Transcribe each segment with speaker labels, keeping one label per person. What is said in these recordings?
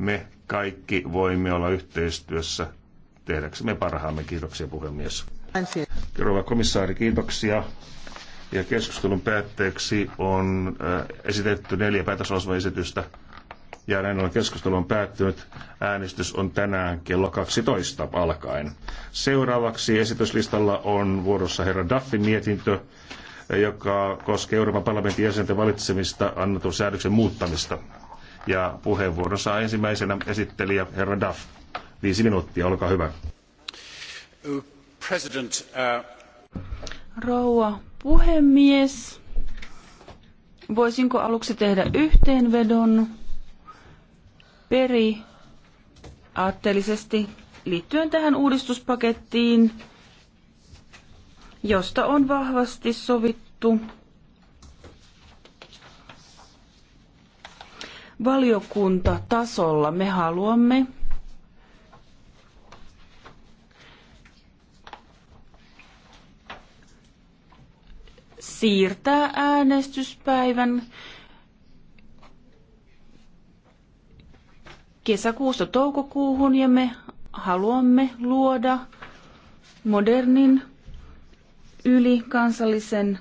Speaker 1: me kaikki voimme olla yhteistyössä tehdäksemme parhaamme. Kiitoksia puhemies. Rouva komissaari, kiitoksia. Ja keskustelun päätteeksi on äh, esitetty neljä päätösosmaesitystä. Ja näin on keskustelu on päättynyt. Äänestys on tänään kello 12 alkaen. Seuraavaksi esityslistalla on vuorossa herra Daffin mietintö, joka koskee Euroopan parlamentin jäsenten valitsemista annetun säädöksen muuttamista. Ja puheenvuoro saa ensimmäisenä esittelijä herra Duff. Viisi minuuttia, olkaa hyvä.
Speaker 2: President, uh...
Speaker 3: Rouva puhemies, voisinko aluksi tehdä yhteenvedon periaatteellisesti liittyen tähän uudistuspakettiin, josta on vahvasti sovittu valiokuntatasolla me haluamme siirtää äänestyspäivän kesäkuusta toukokuuhun ja me haluamme luoda modernin ylikansallisen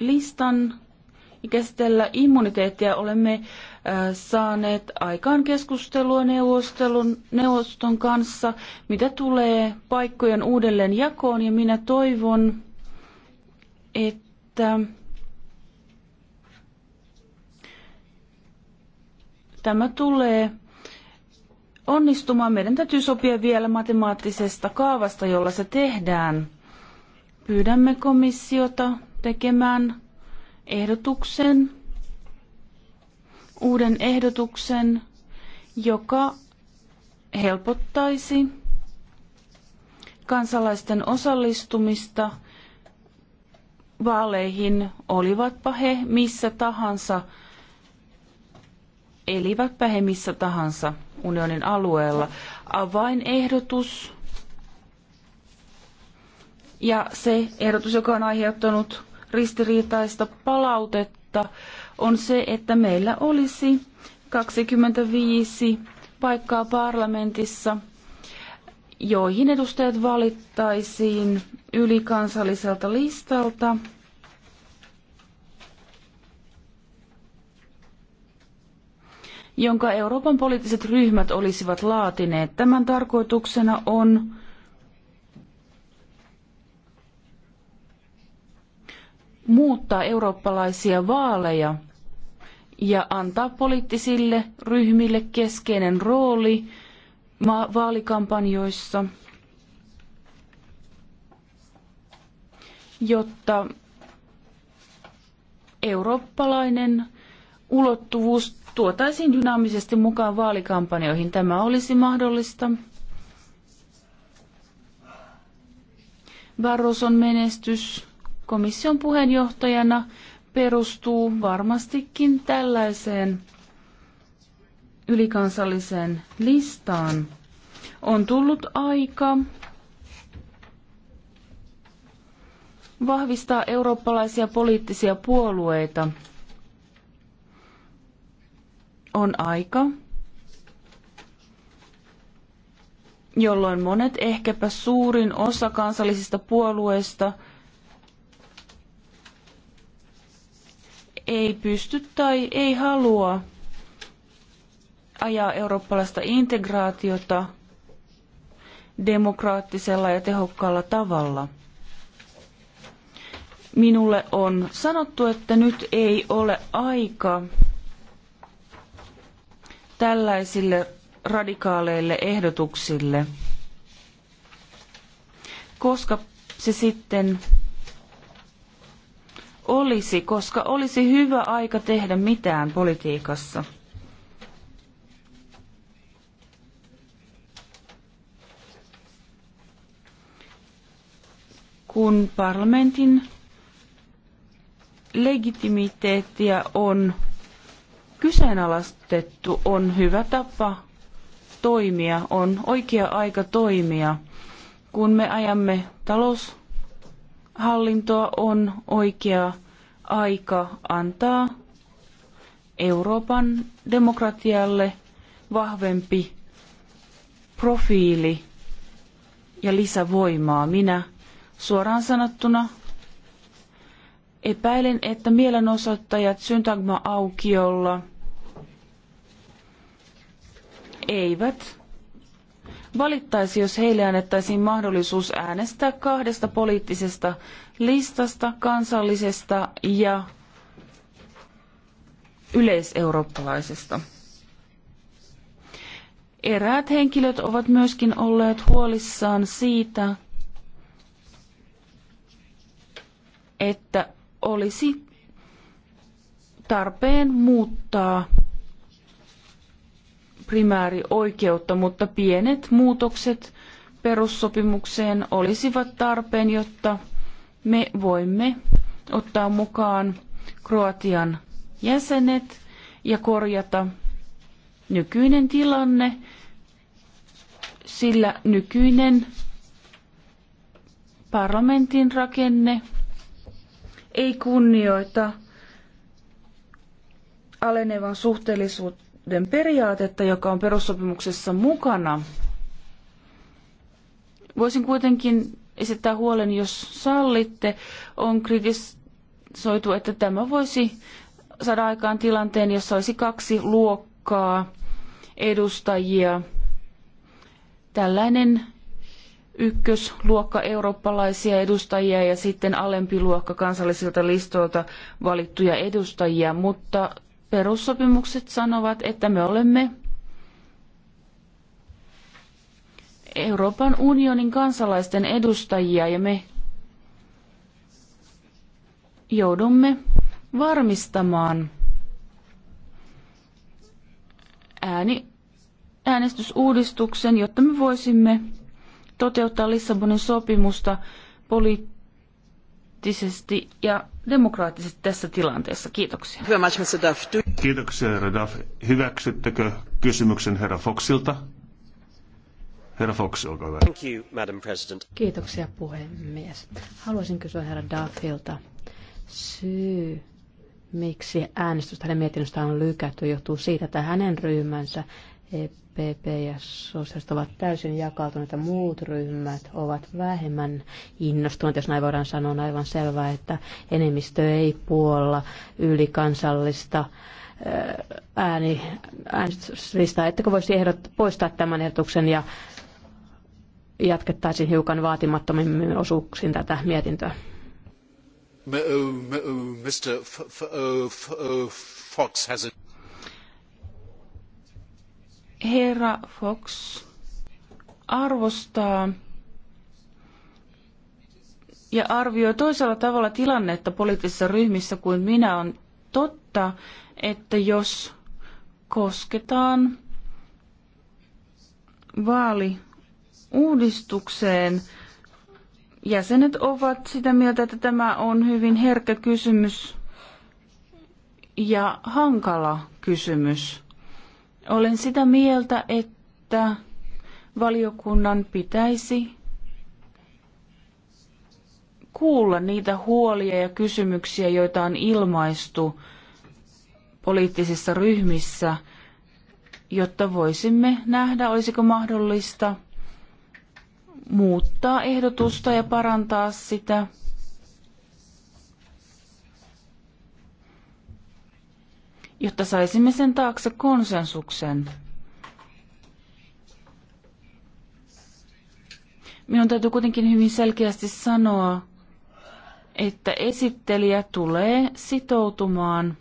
Speaker 3: listan käsitellä immuniteettia. Olemme äh, saaneet aikaan keskustelua neuvostelun, neuvoston kanssa, mitä tulee paikkojen uudelleen jakoon. Ja minä toivon, että tämä tulee onnistumaan. Meidän täytyy sopia vielä matemaattisesta kaavasta, jolla se tehdään. Pyydämme komissiota tekemään ehdotuksen, uuden ehdotuksen, joka helpottaisi kansalaisten osallistumista vaaleihin, olivatpa he missä tahansa, elivätpä he missä tahansa unionin alueella. Avainehdotus ja se ehdotus, joka on aiheuttanut ristiriitaista palautetta on se, että meillä olisi 25 paikkaa parlamentissa, joihin edustajat valittaisiin ylikansalliselta listalta. jonka Euroopan poliittiset ryhmät olisivat laatineet. Tämän tarkoituksena on muuttaa eurooppalaisia vaaleja ja antaa poliittisille ryhmille keskeinen rooli vaalikampanjoissa, jotta eurooppalainen ulottuvuus tuotaisiin dynaamisesti mukaan vaalikampanjoihin. Tämä olisi mahdollista. Barroson menestys komission puheenjohtajana perustuu varmastikin tällaiseen ylikansalliseen listaan. On tullut aika vahvistaa eurooppalaisia poliittisia puolueita. On aika, jolloin monet ehkäpä suurin osa kansallisista puolueista – ei pysty tai ei halua ajaa eurooppalaista integraatiota demokraattisella ja tehokkaalla tavalla. Minulle on sanottu, että nyt ei ole aika tällaisille radikaaleille ehdotuksille, koska se sitten olisi, koska olisi hyvä aika tehdä mitään politiikassa. Kun parlamentin legitimiteettiä on kyseenalaistettu, on hyvä tapa toimia, on oikea aika toimia. Kun me ajamme talous hallintoa on oikea aika antaa Euroopan demokratialle vahvempi profiili ja lisävoimaa. Minä suoraan sanottuna epäilen, että mielenosoittajat syntagma-aukiolla eivät valittaisi, jos heille annettaisiin mahdollisuus äänestää kahdesta poliittisesta listasta, kansallisesta ja yleiseurooppalaisesta. Eräät henkilöt ovat myöskin olleet huolissaan siitä, että olisi tarpeen muuttaa primäärioikeutta, mutta pienet muutokset perussopimukseen olisivat tarpeen, jotta me voimme ottaa mukaan Kroatian jäsenet ja korjata nykyinen tilanne, sillä nykyinen parlamentin rakenne ei kunnioita alenevan suhteellisuutta periaatetta, joka on perussopimuksessa mukana. Voisin kuitenkin esittää huolen, jos sallitte, on kritisoitu, että tämä voisi saada aikaan tilanteen, jossa olisi kaksi luokkaa edustajia. Tällainen ykkösluokka eurooppalaisia edustajia ja sitten alempi luokka kansallisilta listoilta valittuja edustajia, mutta Perussopimukset sanovat, että me olemme Euroopan unionin kansalaisten edustajia ja me joudumme varmistamaan ääni, äänestysuudistuksen, jotta me voisimme toteuttaa Lissabonin sopimusta poliittisesti poliittisesti ja demokraattisesti tässä tilanteessa. Kiitoksia.
Speaker 1: Kiitoksia, herra Duff. Hyväksyttekö kysymyksen herra Foxilta? Herra Fox, olkaa hyvä. Thank you, Madam President.
Speaker 4: Kiitoksia, puhemies. Haluaisin kysyä herra Duffilta. Syy, miksi äänestys hänen mietinnöstä on lykätty, johtuu siitä, että hänen ryhmänsä PP ja sosiaaliset ovat täysin ja muut ryhmät ovat vähemmän innostuneet, jos näin voidaan sanoa, on aivan selvää, että enemmistö ei puolla ylikansallista ääni, äänestyslistaa. Ettekö voisi ehdot, poistaa tämän ehdotuksen ja jatkettaisiin hiukan vaatimattomimmin osuuksin tätä mietintöä?
Speaker 5: Mr. Fox has a
Speaker 4: Herra
Speaker 3: Fox arvostaa ja arvioi toisella tavalla tilannetta poliittisissa ryhmissä kuin minä on totta, että jos kosketaan vaaliuudistukseen, jäsenet ovat sitä mieltä, että tämä on hyvin herkkä kysymys ja hankala kysymys. Olen sitä mieltä, että valiokunnan pitäisi kuulla niitä huolia ja kysymyksiä, joita on ilmaistu poliittisissa ryhmissä, jotta voisimme nähdä, olisiko mahdollista muuttaa ehdotusta ja parantaa sitä jotta saisimme sen taakse konsensuksen. Minun täytyy kuitenkin hyvin selkeästi sanoa, että esittelijä tulee sitoutumaan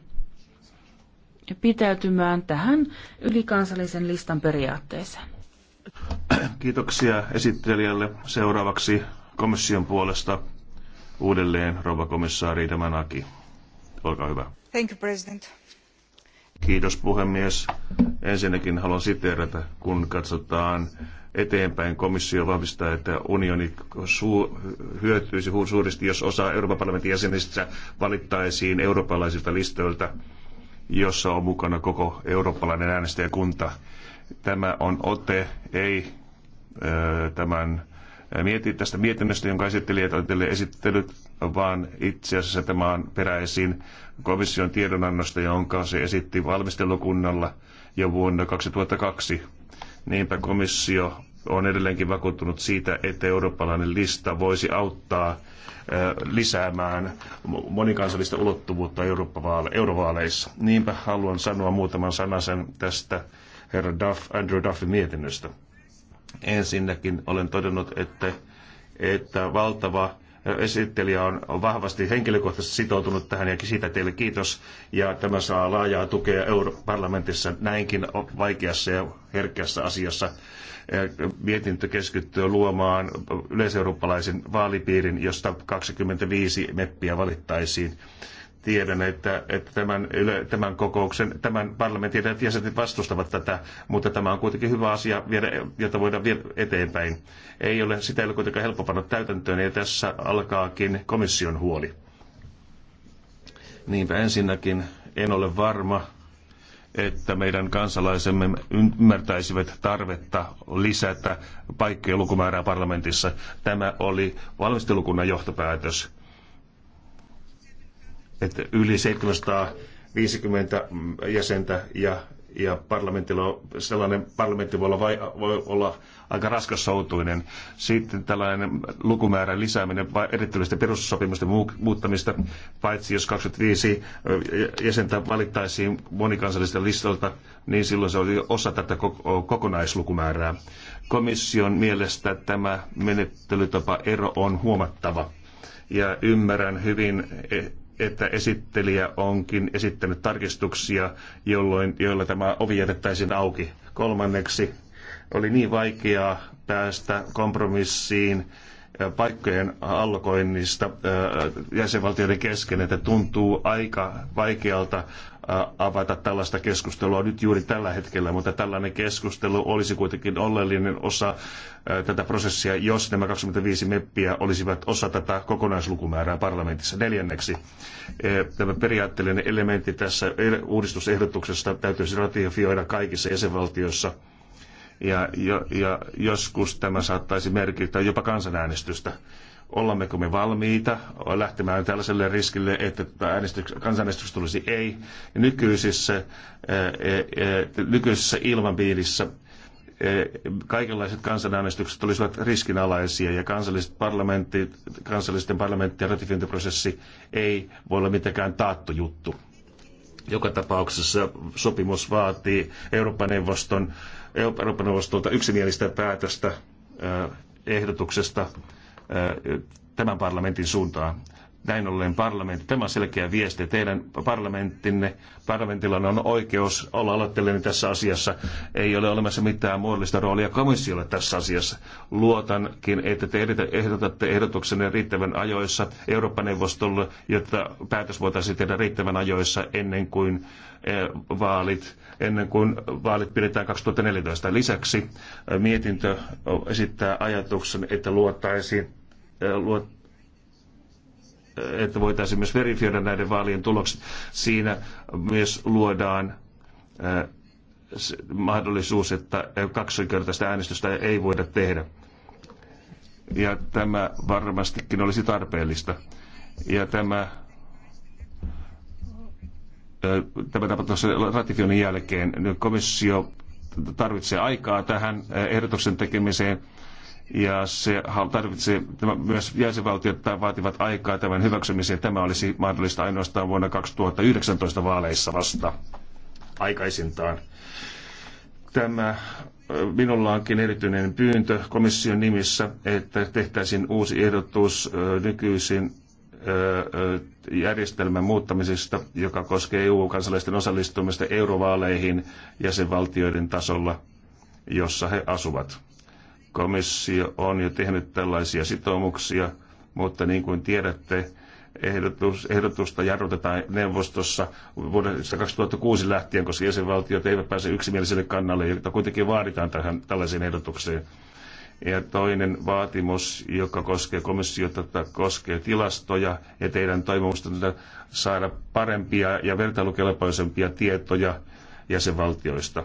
Speaker 3: ja pitäytymään tähän ylikansallisen listan periaatteeseen.
Speaker 1: Kiitoksia esittelijälle. Seuraavaksi komission puolesta uudelleen rouva komissaari Demanaki. Olkaa hyvä.
Speaker 6: Thank you, President.
Speaker 1: Kiitos puhemies. Ensinnäkin haluan siteerata, kun katsotaan eteenpäin komissio vahvistaa, että unioni suu, hyötyisi suuresti, jos osa Euroopan parlamentin jäsenistä valittaisiin eurooppalaisilta listoilta, jossa on mukana koko eurooppalainen äänestäjäkunta. Tämä on ote, ei ö, tämän mieti tästä mietinnöstä, jonka esittelijät on esittelyt, vaan itse asiassa tämä on peräisin komission tiedonannosta, jonka se esitti valmistelukunnalla jo vuonna 2002. Niinpä komissio on edelleenkin vakuuttunut siitä, että eurooppalainen lista voisi auttaa lisäämään monikansallista ulottuvuutta eurovaaleissa. Niinpä haluan sanoa muutaman sanasen tästä herra Duff, Andrew Duffin mietinnöstä. Ensinnäkin olen todennut, että, että valtava esittelijä on, on vahvasti henkilökohtaisesti sitoutunut tähän ja siitä teille kiitos. Ja tämä saa laajaa tukea europarlamentissa näinkin vaikeassa ja herkässä asiassa. Mietintö keskittyy luomaan yleiseurooppalaisen vaalipiirin, josta 25 meppiä valittaisiin tiedän, että, että tämän, tämän kokouksen, tämän parlamentin jäsenet vastustavat tätä, mutta tämä on kuitenkin hyvä asia, viedä, jota voidaan viedä eteenpäin. Ei ole, sitä ei ole kuitenkaan helppo panna täytäntöön, ja tässä alkaakin komission huoli. Niinpä ensinnäkin en ole varma, että meidän kansalaisemme ymmärtäisivät tarvetta lisätä paikkojen lukumäärää parlamentissa. Tämä oli valmistelukunnan johtopäätös että yli 750 jäsentä ja, ja parlamentilla on, sellainen parlamentti voi olla, vai, voi olla aika raskassoutuinen. Sitten tällainen lukumäärän lisääminen erityisesti perussopimusten muuttamista, paitsi jos 25 jäsentä valittaisiin monikansallisesta listalta, niin silloin se oli osa tätä kokonaislukumäärää. Komission mielestä tämä menettelytapa ero on huomattava ja ymmärrän hyvin e, että esittelijä onkin esittänyt tarkistuksia, jolloin, joilla tämä ovi jätettäisiin auki. Kolmanneksi oli niin vaikeaa päästä kompromissiin paikkojen allokoinnista jäsenvaltioiden kesken, että tuntuu aika vaikealta avata tällaista keskustelua nyt juuri tällä hetkellä, mutta tällainen keskustelu olisi kuitenkin oleellinen osa tätä prosessia, jos nämä 25 meppiä olisivat osa tätä kokonaislukumäärää parlamentissa. Neljänneksi tämä periaatteellinen elementti tässä uudistusehdotuksessa täytyisi ratifioida kaikissa jäsenvaltioissa – ja, jo, ja joskus tämä saattaisi merkitä jopa kansanäänestystä. Ollammeko me valmiita lähtemään tällaiselle riskille, että kansanäänestys tulisi ei nykyisessä, nykyisessä ilmapiirissä kaikenlaiset kansanäänestykset olisivat riskinalaisia ja kansalliset parlamentit, kansallisten parlamenttien ratifiointiprosessi ei voi olla mitenkään taattu juttu. Joka tapauksessa sopimus vaatii Euroopan neuvoston Euroopan neuvostolta yksimielistä päätöstä ehdotuksesta tämän parlamentin suuntaan. Näin ollen parlamentti, tämä on selkeä viesti. Teidän parlamenttinne, parlamentilla on oikeus olla aloitteellinen tässä asiassa. Ei ole olemassa mitään muodollista roolia komissiolle tässä asiassa. Luotankin, että te ehdotatte ehdotuksenne riittävän ajoissa Eurooppa-neuvostolle, jotta päätös voitaisiin tehdä riittävän ajoissa ennen kuin eh, vaalit, ennen kuin vaalit pidetään 2014. Lisäksi eh, mietintö esittää ajatuksen, että luottaisiin eh, luot, että voitaisiin myös verifioida näiden vaalien tulokset. Siinä myös luodaan mahdollisuus, että kaksinkertaista äänestystä ei voida tehdä. Ja tämä varmastikin olisi tarpeellista. Ja tämä tämä tapahtuu ratifioinnin jälkeen. Komissio tarvitsee aikaa tähän ehdotuksen tekemiseen ja se tarvitsee, tämä myös jäsenvaltiot vaativat aikaa tämän hyväksymiseen. Tämä olisi mahdollista ainoastaan vuonna 2019 vaaleissa vasta aikaisintaan. Tämä minulla onkin erityinen pyyntö komission nimissä, että tehtäisiin uusi ehdotus nykyisin järjestelmän muuttamisesta, joka koskee EU-kansalaisten osallistumista eurovaaleihin jäsenvaltioiden tasolla, jossa he asuvat Komissio on jo tehnyt tällaisia sitoumuksia, mutta niin kuin tiedätte, ehdotus, ehdotusta jarrutetaan neuvostossa vuodesta 2006 lähtien, koska jäsenvaltiot eivät pääse yksimieliselle kannalle, jota kuitenkin vaaditaan tähän, tällaiseen ehdotukseen. Ja toinen vaatimus, joka koskee komissiota, koskee tilastoja ja teidän toivomustanne saada parempia ja vertailukelpoisempia tietoja jäsenvaltioista.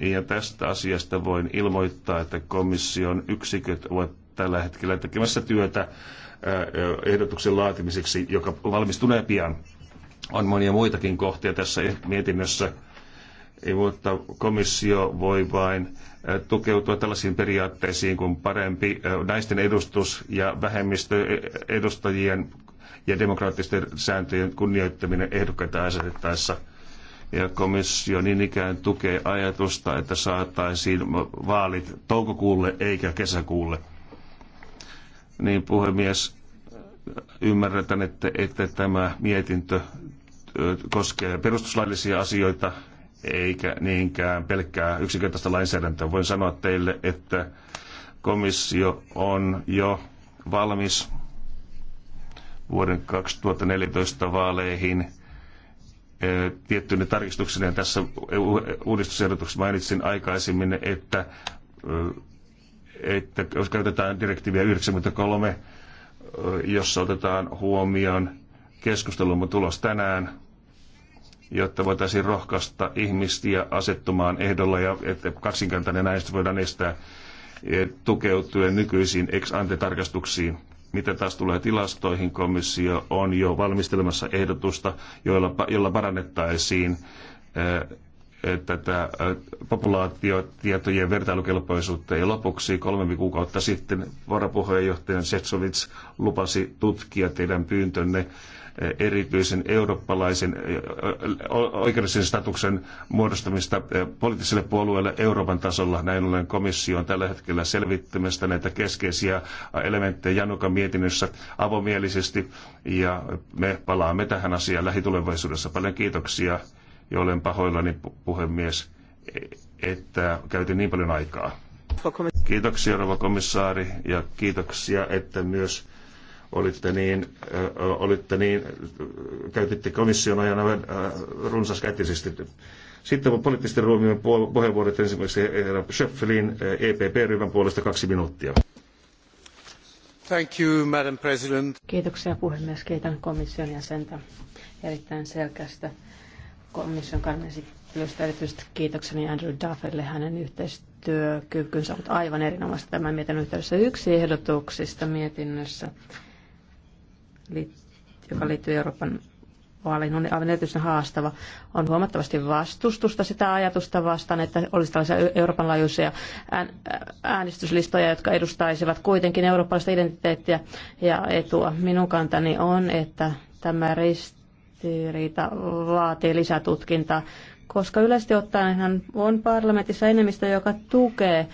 Speaker 1: Ja tästä asiasta voin ilmoittaa, että komission yksiköt ovat tällä hetkellä tekemässä työtä ehdotuksen laatimiseksi, joka valmistunee pian. On monia muitakin kohtia tässä mietinnössä, mutta komissio voi vain tukeutua tällaisiin periaatteisiin kuin parempi naisten edustus ja vähemmistöedustajien ja demokraattisten sääntöjen kunnioittaminen ehdokkaita asetettaessa – ja komissio niin ikään tukee ajatusta, että saataisiin vaalit toukokuulle eikä kesäkuulle. Niin puhemies, ymmärretään, että, että tämä mietintö koskee perustuslaillisia asioita eikä niinkään pelkkää yksinkertaista lainsäädäntöä. Voin sanoa teille, että komissio on jo valmis vuoden 2014 vaaleihin – tiettyinen tarkistuksineen tässä uudistusehdotuksessa mainitsin aikaisemmin, että, että jos käytetään direktiiviä 93, jossa otetaan huomioon keskustelumme tulos tänään, jotta voitaisiin rohkaista ihmisiä asettumaan ehdolla ja että kaksinkertainen näistä voidaan estää e, tukeutuen nykyisiin ex-ante-tarkastuksiin. Mitä taas tulee tilastoihin, komissio on jo valmistelemassa ehdotusta, jolla parannettaisiin eh, tätä eh, populaatiotietojen vertailukelpoisuutta. Ja lopuksi kolme kuukautta sitten varapuheenjohtaja Setsovits lupasi tutkia teidän pyyntönne erityisen eurooppalaisen oikeudellisen statuksen muodostamista poliittiselle puolueelle Euroopan tasolla. Näin ollen komissio on tällä hetkellä selvittämästä näitä keskeisiä elementtejä Janukan mietinnössä avomielisesti ja me palaamme tähän asiaan lähitulevaisuudessa. Paljon kiitoksia ja olen pahoillani puhemies, että käytin niin paljon aikaa. Kiitoksia rouva komissaari ja kiitoksia, että myös olitte niin, olitte niin käytitte komission ajan runsaskätisesti. Sitten on poliittisten ruomien puheenvuorot ensimmäiseksi herra Schöpfelin EPP-ryhmän puolesta kaksi minuuttia. Thank you, Madam President.
Speaker 4: Kiitoksia puhemies. Kiitän komission jäsentä erittäin selkeästä komission kannesittelystä. Erityisesti kiitokseni Andrew Duffelle hänen yhteistyökykynsä on aivan erinomaista tämän mietinnön yhteydessä. Yksi ehdotuksista mietinnössä joka liittyy Euroopan vaaliin, on aivan erityisen haastava. On huomattavasti vastustusta sitä ajatusta vastaan, että olisi tällaisia Euroopan laajuisia äänestyslistoja, jotka edustaisivat kuitenkin eurooppalaista identiteettiä ja etua. Minun kantani on, että tämä ristiriita vaatii lisätutkintaa, koska yleisesti ottaen, on parlamentissa enemmistö, joka tukee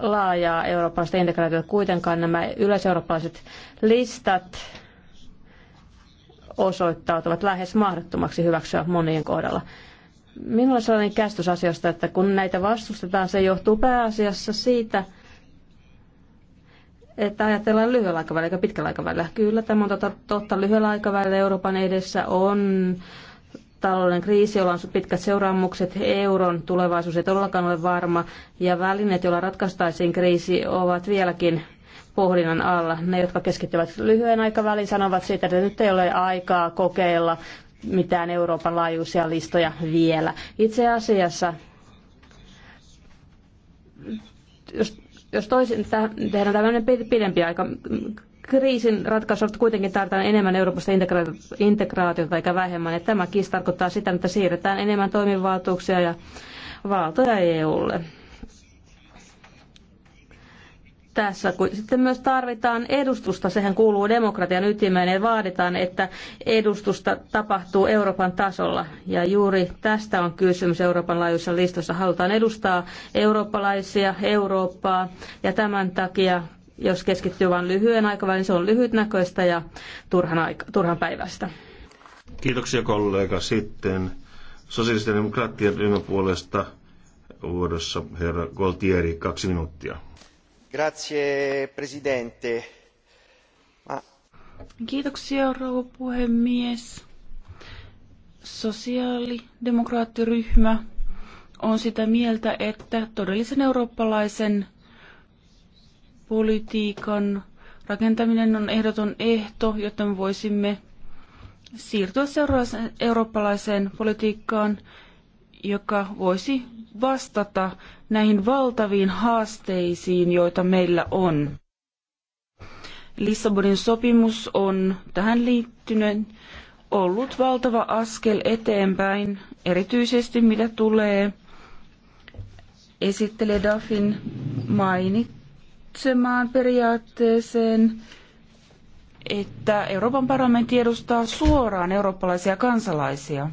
Speaker 4: laajaa eurooppalaista integraatiota. Kuitenkaan nämä yleiseurooppalaiset listat osoittautuvat lähes mahdottomaksi hyväksyä monien kohdalla. Minulla on sellainen käsitys asiasta, että kun näitä vastustetaan, se johtuu pääasiassa siitä, että ajatellaan lyhyellä aikavälillä eikä pitkällä aikavälillä. Kyllä, tämä on totta, totta lyhyellä aikavälillä Euroopan edessä on talouden kriisi, jolla on pitkät seuraamukset, euron tulevaisuus ei todellakaan ole varma, ja välineet, joilla ratkaistaisiin kriisi, ovat vieläkin pohdinnan alla. Ne, jotka keskittyvät lyhyen aikavälin, sanovat siitä, että nyt ei ole aikaa kokeilla mitään Euroopan laajuisia listoja vielä. Itse asiassa, jos, jos toisin, tehdään tämmöinen pidempi aika kriisin ratkaisut kuitenkin tarvitaan enemmän Euroopasta integraatiota eikä vähemmän. tämä kiis tarkoittaa sitä, että siirretään enemmän toimivaltuuksia ja valtoja EUlle. Tässä kun sitten myös tarvitaan edustusta, sehän kuuluu demokratian ytimeen ja vaaditaan, että edustusta tapahtuu Euroopan tasolla. Ja juuri tästä on kysymys Euroopan laajuisessa listassa. Halutaan edustaa eurooppalaisia, Eurooppaa ja tämän takia jos keskittyy vain lyhyen aikavälin, niin se on lyhytnäköistä ja turhan, aika, turhan päivästä.
Speaker 1: Kiitoksia kollega. Sitten sosiaalisten demokraattien ryhmäpuolesta vuodossa herra Goltieri, kaksi minuuttia.
Speaker 7: Grazie, presidente.
Speaker 3: Ma... Kiitoksia, rouva puhemies. Sosiaalidemokraattiryhmä on sitä mieltä, että todellisen eurooppalaisen politiikan rakentaminen on ehdoton ehto, jotta me voisimme siirtyä seuraavaan eurooppalaiseen politiikkaan, joka voisi vastata näihin valtaviin haasteisiin, joita meillä on. Lissabonin sopimus on tähän liittyen ollut valtava askel eteenpäin, erityisesti mitä tulee esittelee Dafin mainittu valitsemaan periaatteeseen, että Euroopan parlamentti edustaa suoraan eurooppalaisia kansalaisia.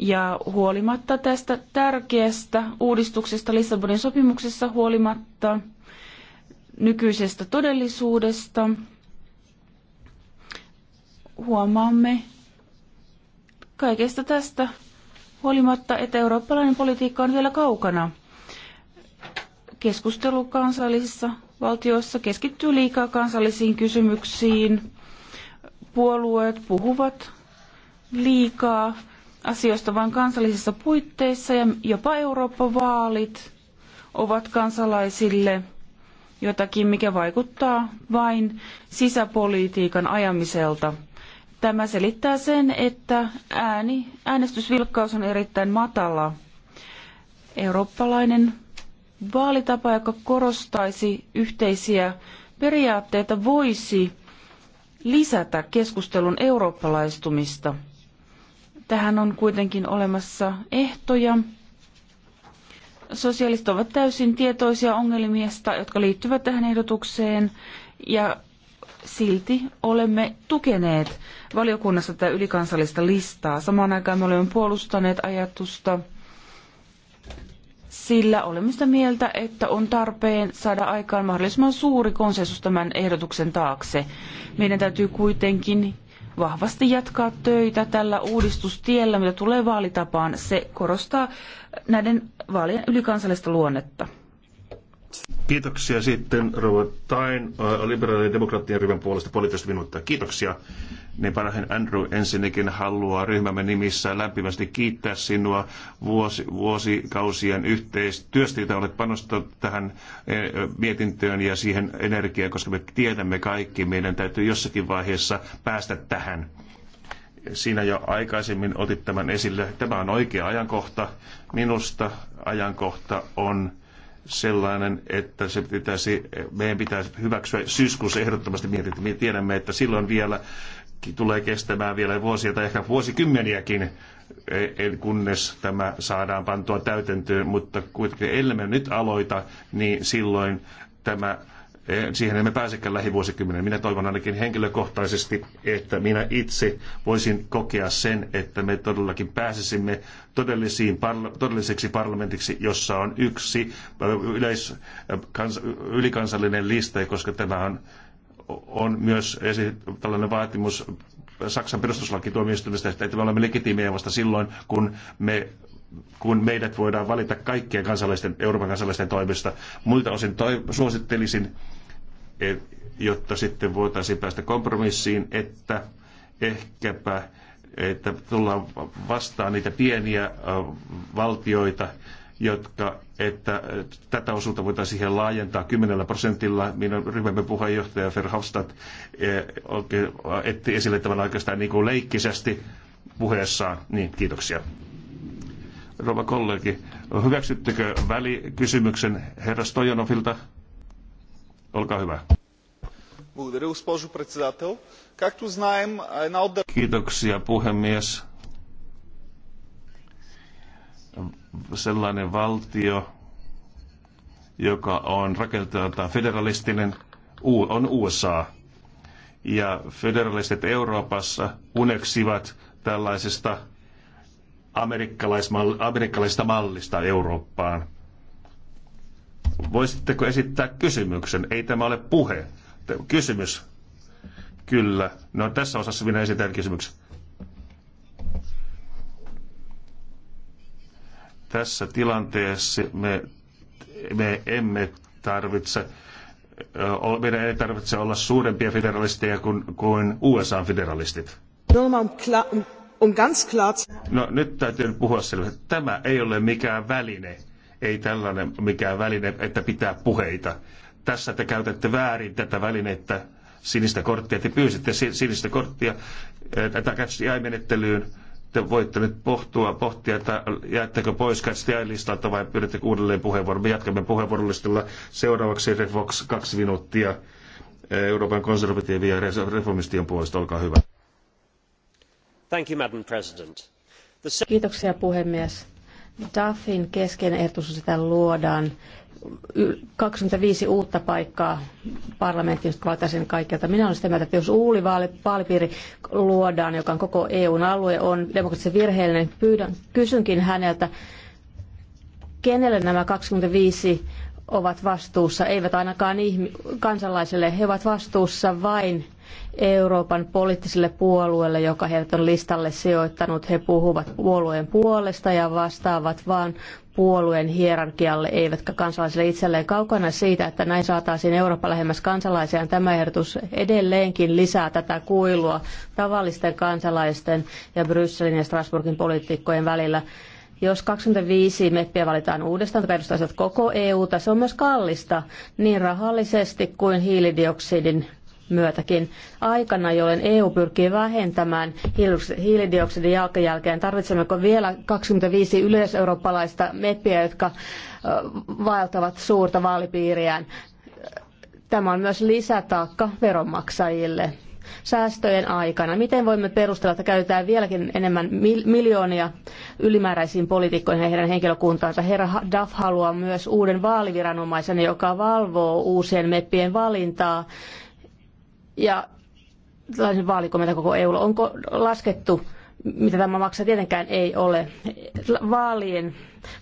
Speaker 3: Ja huolimatta tästä tärkeästä uudistuksesta Lissabonin sopimuksessa, huolimatta nykyisestä todellisuudesta, huomaamme kaikesta tästä huolimatta, että eurooppalainen politiikka on vielä kaukana – keskustelu kansallisissa valtioissa keskittyy liikaa kansallisiin kysymyksiin. Puolueet puhuvat liikaa asioista vain kansallisissa puitteissa ja jopa Eurooppa-vaalit ovat kansalaisille jotakin, mikä vaikuttaa vain sisäpolitiikan ajamiselta. Tämä selittää sen, että ääni, äänestysvilkkaus on erittäin matala. Eurooppalainen vaalitapa, joka korostaisi yhteisiä periaatteita, voisi lisätä keskustelun eurooppalaistumista. Tähän on kuitenkin olemassa ehtoja. Sosialistit ovat täysin tietoisia ongelmista, jotka liittyvät tähän ehdotukseen, ja silti olemme tukeneet valiokunnassa tätä ylikansallista listaa. Samaan aikaan me olemme puolustaneet ajatusta – sillä olemme sitä mieltä, että on tarpeen saada aikaan mahdollisimman suuri konsensus tämän ehdotuksen taakse. Meidän täytyy kuitenkin vahvasti jatkaa töitä tällä uudistustiellä, mitä tulee vaalitapaan. Se korostaa näiden vaalien ylikansallista luonnetta.
Speaker 1: Kiitoksia sitten Rova Tain äh, liberaalien demokraattien ryhmän puolesta puolitoista minuuttia. Kiitoksia. Niin parhain Andrew ensinnäkin haluaa ryhmämme nimissä lämpimästi kiittää sinua vuosi, vuosikausien yhteistyöstä, jota olet panostanut tähän eh, mietintöön ja siihen energiaan, koska me tiedämme kaikki, meidän täytyy jossakin vaiheessa päästä tähän siinä jo aikaisemmin otit tämän esille. Tämä on oikea ajankohta. Minusta ajankohta on sellainen, että se pitäisi, meidän pitäisi hyväksyä syyskuussa ehdottomasti mietintö. Me tiedämme, että silloin vielä tulee kestämään vielä vuosia tai ehkä vuosikymmeniäkin, e, kunnes tämä saadaan pantua täytäntöön, mutta kuitenkin ellei me nyt aloita, niin silloin tämä Eh, siihen emme pääsekään lähivuosikymmenen. Minä toivon ainakin henkilökohtaisesti, että minä itse voisin kokea sen, että me todellakin pääsisimme todellisiin, todelliseksi parlamentiksi, jossa on yksi yleis, kans, ylikansallinen lista, koska tämä on, on myös esi, tällainen vaatimus Saksan perustuslakituomioistuimesta, että me olemme legitiimejä vasta silloin, kun me kun meidät voidaan valita kaikkien kansalaisten, Euroopan kansalaisten toimesta. Muilta osin toi, suosittelisin, E, jotta sitten voitaisiin päästä kompromissiin, että ehkäpä että tullaan vastaan niitä pieniä valtioita, jotka, että tätä osuutta voitaisiin siihen laajentaa 10 prosentilla. Minun ryhmämme puheenjohtaja Verhofstadt e, etti esille tämän oikeastaan niin kuin leikkisesti puheessaan. Niin, kiitoksia. Rova kollegi, hyväksyttekö välikysymyksen herra Stojanovilta? Olkaa hyvä. Kiitoksia puhemies. Sellainen valtio, joka on rakenteeltaan federalistinen, on USA. Ja federalistit Euroopassa uneksivat tällaisesta amerikkalaisesta mallista Eurooppaan. Voisitteko esittää kysymyksen? Ei tämä ole puhe. Kysymys. Kyllä. No tässä osassa minä esitän kysymyksen. Tässä tilanteessa me, me emme tarvitse meidän ei tarvitse olla suurempia federalisteja kuin, kuin USA-federalistit.
Speaker 7: Um um, um
Speaker 1: no nyt täytyy puhua selvästi. Tämä ei ole mikään väline ei tällainen mikään väline, että pitää puheita. Tässä te käytätte väärin tätä välinettä, sinistä korttia. Te pyysitte sinistä korttia tätä catch-menettelyyn. Te voitte nyt pohtua, pohtia, että jäättekö pois catch-listalta vai pyydätte uudelleen puheenvuoron. Me jatkamme puheenvuorolistalla seuraavaksi Refox kaksi minuuttia. Euroopan konservatiivien ja reformistien puolesta, olkaa hyvä. Thank you, Madam President.
Speaker 4: Kiitoksia puhemies Duffin keskeinen ehdotus sitä luodaan 25 uutta paikkaa parlamenttiin, jotka valitaan kaikilta. Minä olen sitä mieltä, että jos uuli vaalipiiri luodaan, joka on koko EUn alue, on demokraattisen virheellinen. Niin pyydän, kysynkin häneltä, kenelle nämä 25 ovat vastuussa, eivät ainakaan ihmi- he ovat vastuussa vain Euroopan poliittiselle puolueelle, joka heidät on listalle sijoittanut. He puhuvat puolueen puolesta ja vastaavat vain puolueen hierarkialle, eivätkä kansalaisille itselleen kaukana siitä, että näin saataisiin Eurooppa lähemmäs kansalaisiaan. Tämä ehdotus edelleenkin lisää tätä kuilua tavallisten kansalaisten ja Brysselin ja Strasbourgin poliitikkojen välillä. Jos 25 meppiä valitaan uudestaan, jotka edustaisivat koko EUta, se on myös kallista niin rahallisesti kuin hiilidioksidin myötäkin. Aikana, jolloin EU pyrkii vähentämään hiilidioksidin jalkajälkeen, tarvitsemmeko vielä 25 yleiseurooppalaista meppiä, jotka vaeltavat suurta vaalipiiriään. Tämä on myös lisätaakka veronmaksajille säästöjen aikana. Miten voimme perustella, että käytetään vieläkin enemmän miljoonia ylimääräisiin poliitikkoihin ja heidän henkilökuntaansa? Herra Duff haluaa myös uuden vaaliviranomaisen, joka valvoo uusien meppien valintaa ja tällaisen vaalikomenta koko EU. Onko laskettu, mitä tämä maksaa? Tietenkään ei ole. Vaalien,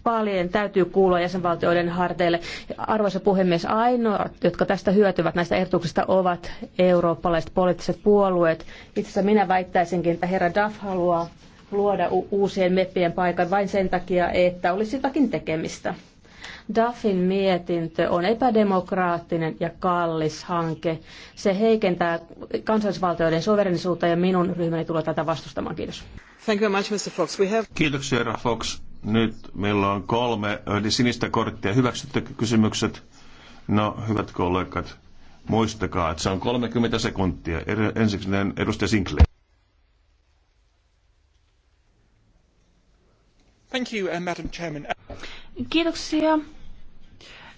Speaker 4: vaalien täytyy kuulua jäsenvaltioiden harteille. Arvoisa puhemies, ainoat, jotka tästä hyötyvät näistä ehdotuksista, ovat eurooppalaiset poliittiset puolueet. Itse asiassa minä väittäisinkin, että herra Duff haluaa luoda uusien meppien paikan vain sen takia, että olisi jotakin tekemistä. DAFin mietintö on epädemokraattinen ja kallis hanke. Se heikentää kansallisvaltioiden suverenisuutta ja minun ryhmäni tulee tätä vastustamaan. Kiitos. Thank you very much, Mr.
Speaker 6: Fox. We have...
Speaker 1: Kiitoksia, herra Fox. Nyt meillä on kolme sinistä korttia. Hyväksytte kysymykset? No, hyvät kollegat, muistakaa, että se on 30 sekuntia. Ensiksi edustaja Sinclair.
Speaker 3: Uh, Madam Kiitoksia.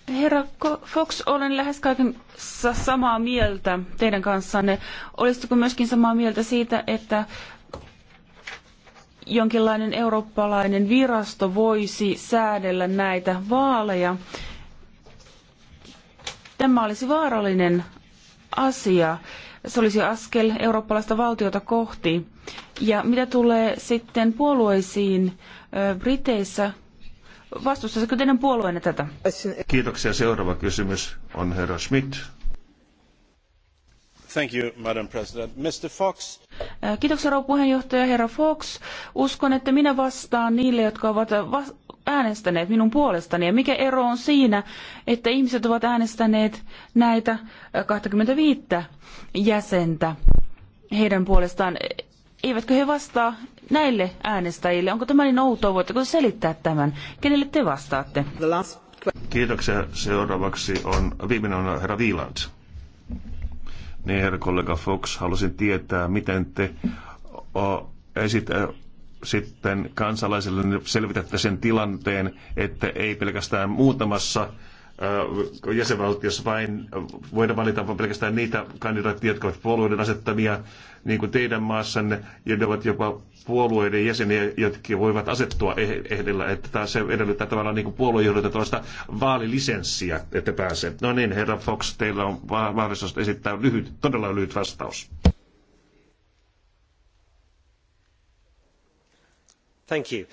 Speaker 3: Herra Fox, olen lähes kaikessa samaa mieltä teidän kanssanne. Olisitko myöskin samaa mieltä siitä, että jonkinlainen eurooppalainen virasto voisi säädellä näitä vaaleja? Tämä olisi vaarallinen asia. Se olisi askel eurooppalaista valtiota kohti. Ja mitä tulee sitten puolueisiin, Briteissä. Vastustaisiko teidän puolueenne tätä?
Speaker 1: Kiitoksia. Seuraava kysymys on herra Schmidt. Thank you, Madam President. Mr. Fox.
Speaker 3: Kiitoksia, rouva puheenjohtaja, herra Fox. Uskon, että minä vastaan niille, jotka ovat äänestäneet minun puolestani. Ja mikä ero on siinä, että ihmiset ovat äänestäneet näitä 25 jäsentä heidän puolestaan eivätkö he vastaa näille äänestäjille? Onko tämä niin outoa? Voitteko selittää tämän? Kenelle te vastaatte?
Speaker 1: Kiitoksia. Seuraavaksi on, viimeinen on herra Wieland. Niin, herra kollega Fox, halusin tietää, miten te o, esit, sitten kansalaisille selvitätte sen tilanteen, että ei pelkästään muutamassa jäsenvaltiossa vain voida valita vain pelkästään niitä kandidaatteja, jotka ovat puolueiden asettamia, niin kuin teidän maassanne, ja ne ovat jopa puolueiden jäseniä, jotka voivat asettua eh-, ehdellä, että taas se edellyttää tavallaan niin kuin puoluejohdolta tuosta vaalilisenssiä, että pääsee. No niin, herra Fox, teillä on mahdollisuus esittää lyhyt, todella lyhyt vastaus.
Speaker 2: Thank you.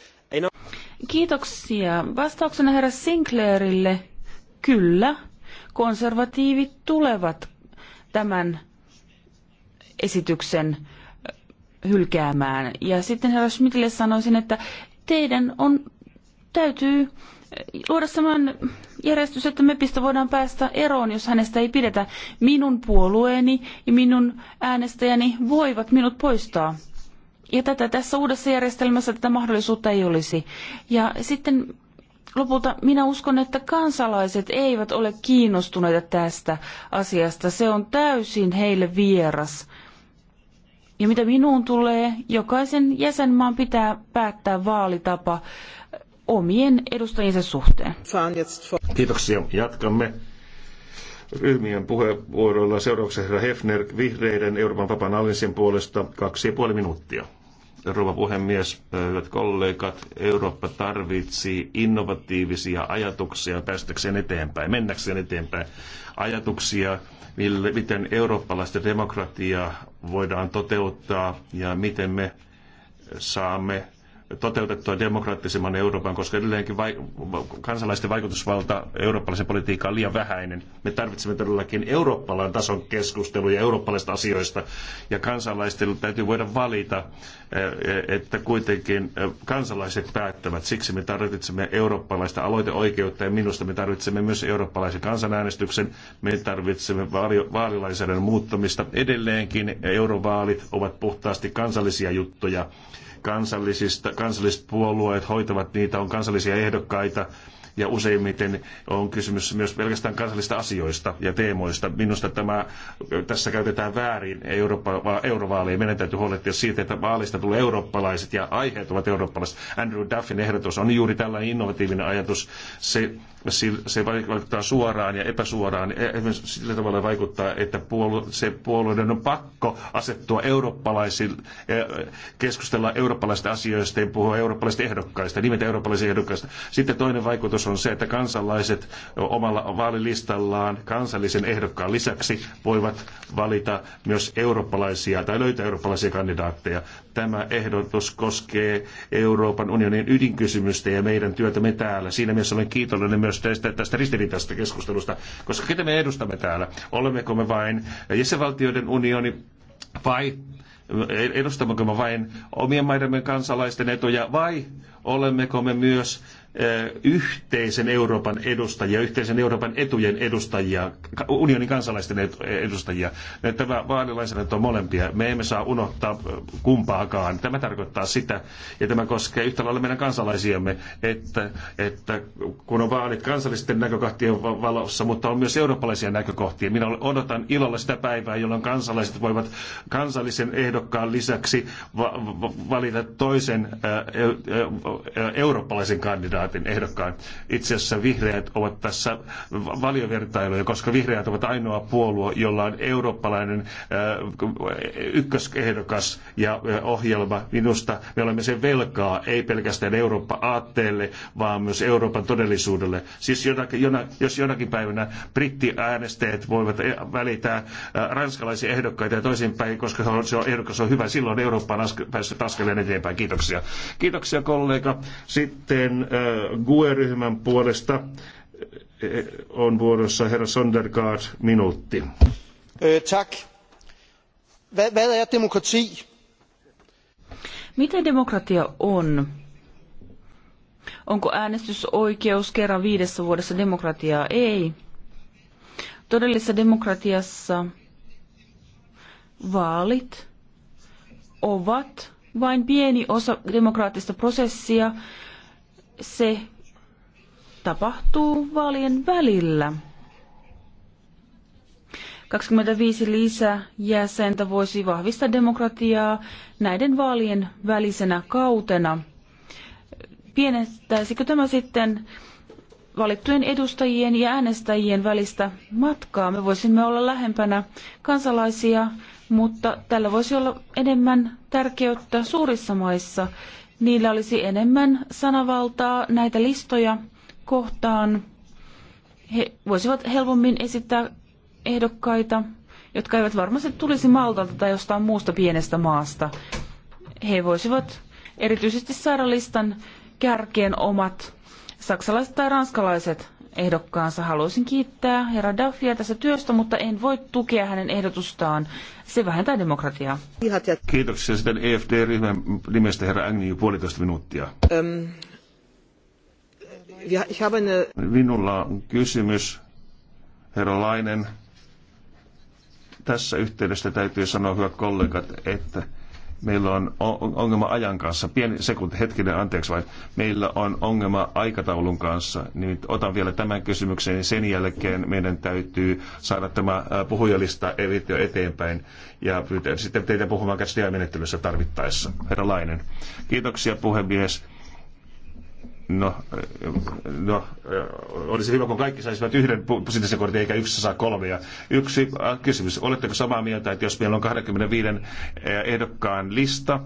Speaker 3: Kiitoksia. Vastauksena herra Sinclairille kyllä, konservatiivit tulevat tämän esityksen hylkäämään. Ja sitten herra Schmidtille sanoisin, että teidän on, täytyy luoda sellainen järjestys, että MEPistä voidaan päästä eroon, jos hänestä ei pidetä. Minun puolueeni ja minun äänestäjäni voivat minut poistaa. Ja tätä tässä uudessa järjestelmässä tätä mahdollisuutta ei olisi. Ja sitten lopulta minä uskon, että kansalaiset eivät ole kiinnostuneita tästä asiasta. Se on täysin heille vieras. Ja mitä minuun tulee, jokaisen jäsenmaan pitää päättää vaalitapa omien edustajiensa suhteen.
Speaker 1: Kiitoksia. Jatkamme ryhmien puheenvuoroilla. Seuraavaksi herra Hefner vihreiden Euroopan vapaan allinsin puolesta kaksi ja puoli minuuttia rouva puhemies, hyvät kollegat, Eurooppa tarvitsee innovatiivisia ajatuksia päästäkseen eteenpäin, mennäkseen eteenpäin. Ajatuksia, mille, miten eurooppalaista demokratiaa voidaan toteuttaa ja miten me saamme toteutettua demokraattisemman Euroopan, koska edelleenkin kansalaisten vaikutusvalta eurooppalaisen politiikkaan on liian vähäinen. Me tarvitsemme todellakin eurooppalainen tason keskusteluja eurooppalaisista asioista, ja kansalaisten täytyy voida valita, eh, eh, että kuitenkin eh, kansalaiset päättävät. Siksi me tarvitsemme eurooppalaista aloiteoikeutta, ja minusta me tarvitsemme myös eurooppalaisen kansanäänestyksen. Me tarvitsemme vaali, vaalilainsäädännön muuttamista. Edelleenkin eurovaalit ovat puhtaasti kansallisia juttuja kansallisista, kansalliset puolueet hoitavat niitä, on kansallisia ehdokkaita ja useimmiten on kysymys myös pelkästään kansallisista asioista ja teemoista. Minusta tämä, tässä käytetään väärin Eurooppa, eurovaaleja. Meidän täytyy huolehtia siitä, että vaalista tulee eurooppalaiset ja aiheet ovat eurooppalaiset. Andrew Duffin ehdotus on juuri tällainen innovatiivinen ajatus. Se se vaikuttaa suoraan ja epäsuoraan. E, sillä tavalla vaikuttaa, että puolue, se puolueiden on pakko asettua eurooppalaisille, keskustella eurooppalaisista asioista ja puhua eurooppalaisista ehdokkaista, nimetä eurooppalaisista ehdokkaista. Sitten toinen vaikutus on se, että kansalaiset omalla vaalilistallaan kansallisen ehdokkaan lisäksi voivat valita myös eurooppalaisia tai löytää eurooppalaisia kandidaatteja tämä ehdotus koskee Euroopan unionin ydinkysymystä ja meidän työtämme täällä. Siinä mielessä olen kiitollinen myös tästä, tästä ristiriitaisesta keskustelusta, koska ketä me edustamme täällä? Olemmeko me vain jäsenvaltioiden unioni vai edustammeko me vain omien maidemme kansalaisten etuja vai olemmeko me myös yhteisen Euroopan edustajia, yhteisen Euroopan etujen edustajia, unionin kansalaisten edustajia. Tämä vaalilainsäädäntö on molempia. Me emme saa unohtaa kumpaakaan. Tämä tarkoittaa sitä, ja tämä koskee yhtä lailla meidän kansalaisiamme, että, että kun on vaalit kansallisten näkökohtien valossa, mutta on myös eurooppalaisia näkökohtia. Minä odotan ilolla sitä päivää, jolloin kansalaiset voivat kansallisen ehdokkaan lisäksi valita toisen eurooppalaisen kandidaatin kandidaatin ehdokkaan. Itse asiassa vihreät ovat tässä valiovertailuja, koska vihreät ovat ainoa puolue, jolla on eurooppalainen äh, ykkösehdokas ja äh, ohjelma. Minusta me olemme sen velkaa, ei pelkästään Eurooppa-aatteelle, vaan myös Euroopan todellisuudelle. Siis jonakin, jona, jos jonakin päivänä brittiäänestäjät voivat eh, välittää äh, ranskalaisia ehdokkaita ja toisinpäin, koska se on, ehdokas on hyvä, silloin Eurooppa on päässyt askeleen eteenpäin. Kiitoksia. Kiitoksia kollega. Sitten GUE-ryhmän puolesta on vuorossa herra Sondergaard minuutti. Øh, Tack. Er
Speaker 3: demokrati? Mitä demokratia on? Onko äänestysoikeus kerran viidessä vuodessa demokratiaa? Ei. Todellisessa demokratiassa vaalit ovat vain pieni osa demokraattista prosessia, se tapahtuu vaalien välillä. 25 lisäjäsentä voisi vahvistaa demokratiaa näiden vaalien välisenä kautena. Pienentäisikö tämä sitten valittujen edustajien ja äänestäjien välistä matkaa? Me voisimme olla lähempänä kansalaisia, mutta tällä voisi olla enemmän tärkeyttä suurissa maissa niillä olisi enemmän sanavaltaa näitä listoja kohtaan. He voisivat helpommin esittää ehdokkaita, jotka eivät varmasti tulisi Maltalta tai jostain muusta pienestä maasta. He voisivat erityisesti saada listan kärkeen omat saksalaiset tai ranskalaiset ehdokkaansa. Haluaisin kiittää herra Daffia tässä työstä, mutta en voi tukea hänen ehdotustaan. Se vähentää demokratiaa.
Speaker 1: Kiitoksia sitten EFD-ryhmän nimestä herra Agnew puolitoista minuuttia. Ähm, Minulla on kysymys, herra Lainen. Tässä yhteydessä täytyy sanoa, hyvät kollegat, että Meillä on ongelma ajan kanssa. Pieni sekunti, hetkinen, anteeksi vain. Meillä on ongelma aikataulun kanssa. Niin otan vielä tämän kysymyksen, ja sen jälkeen meidän täytyy saada tämä puhujalista evitio eteenpäin. Ja pyytän sitten teitä puhumaan käsityömenettelyssä tarvittaessa. Herra Lainen. Kiitoksia puhemies No, no, olisi hyvä, kun kaikki saisivat yhden positiivisen kortin, eikä yksi saa kolme. Ja yksi äh, kysymys, oletteko samaa mieltä, että jos meillä on 25 äh, ehdokkaan lista,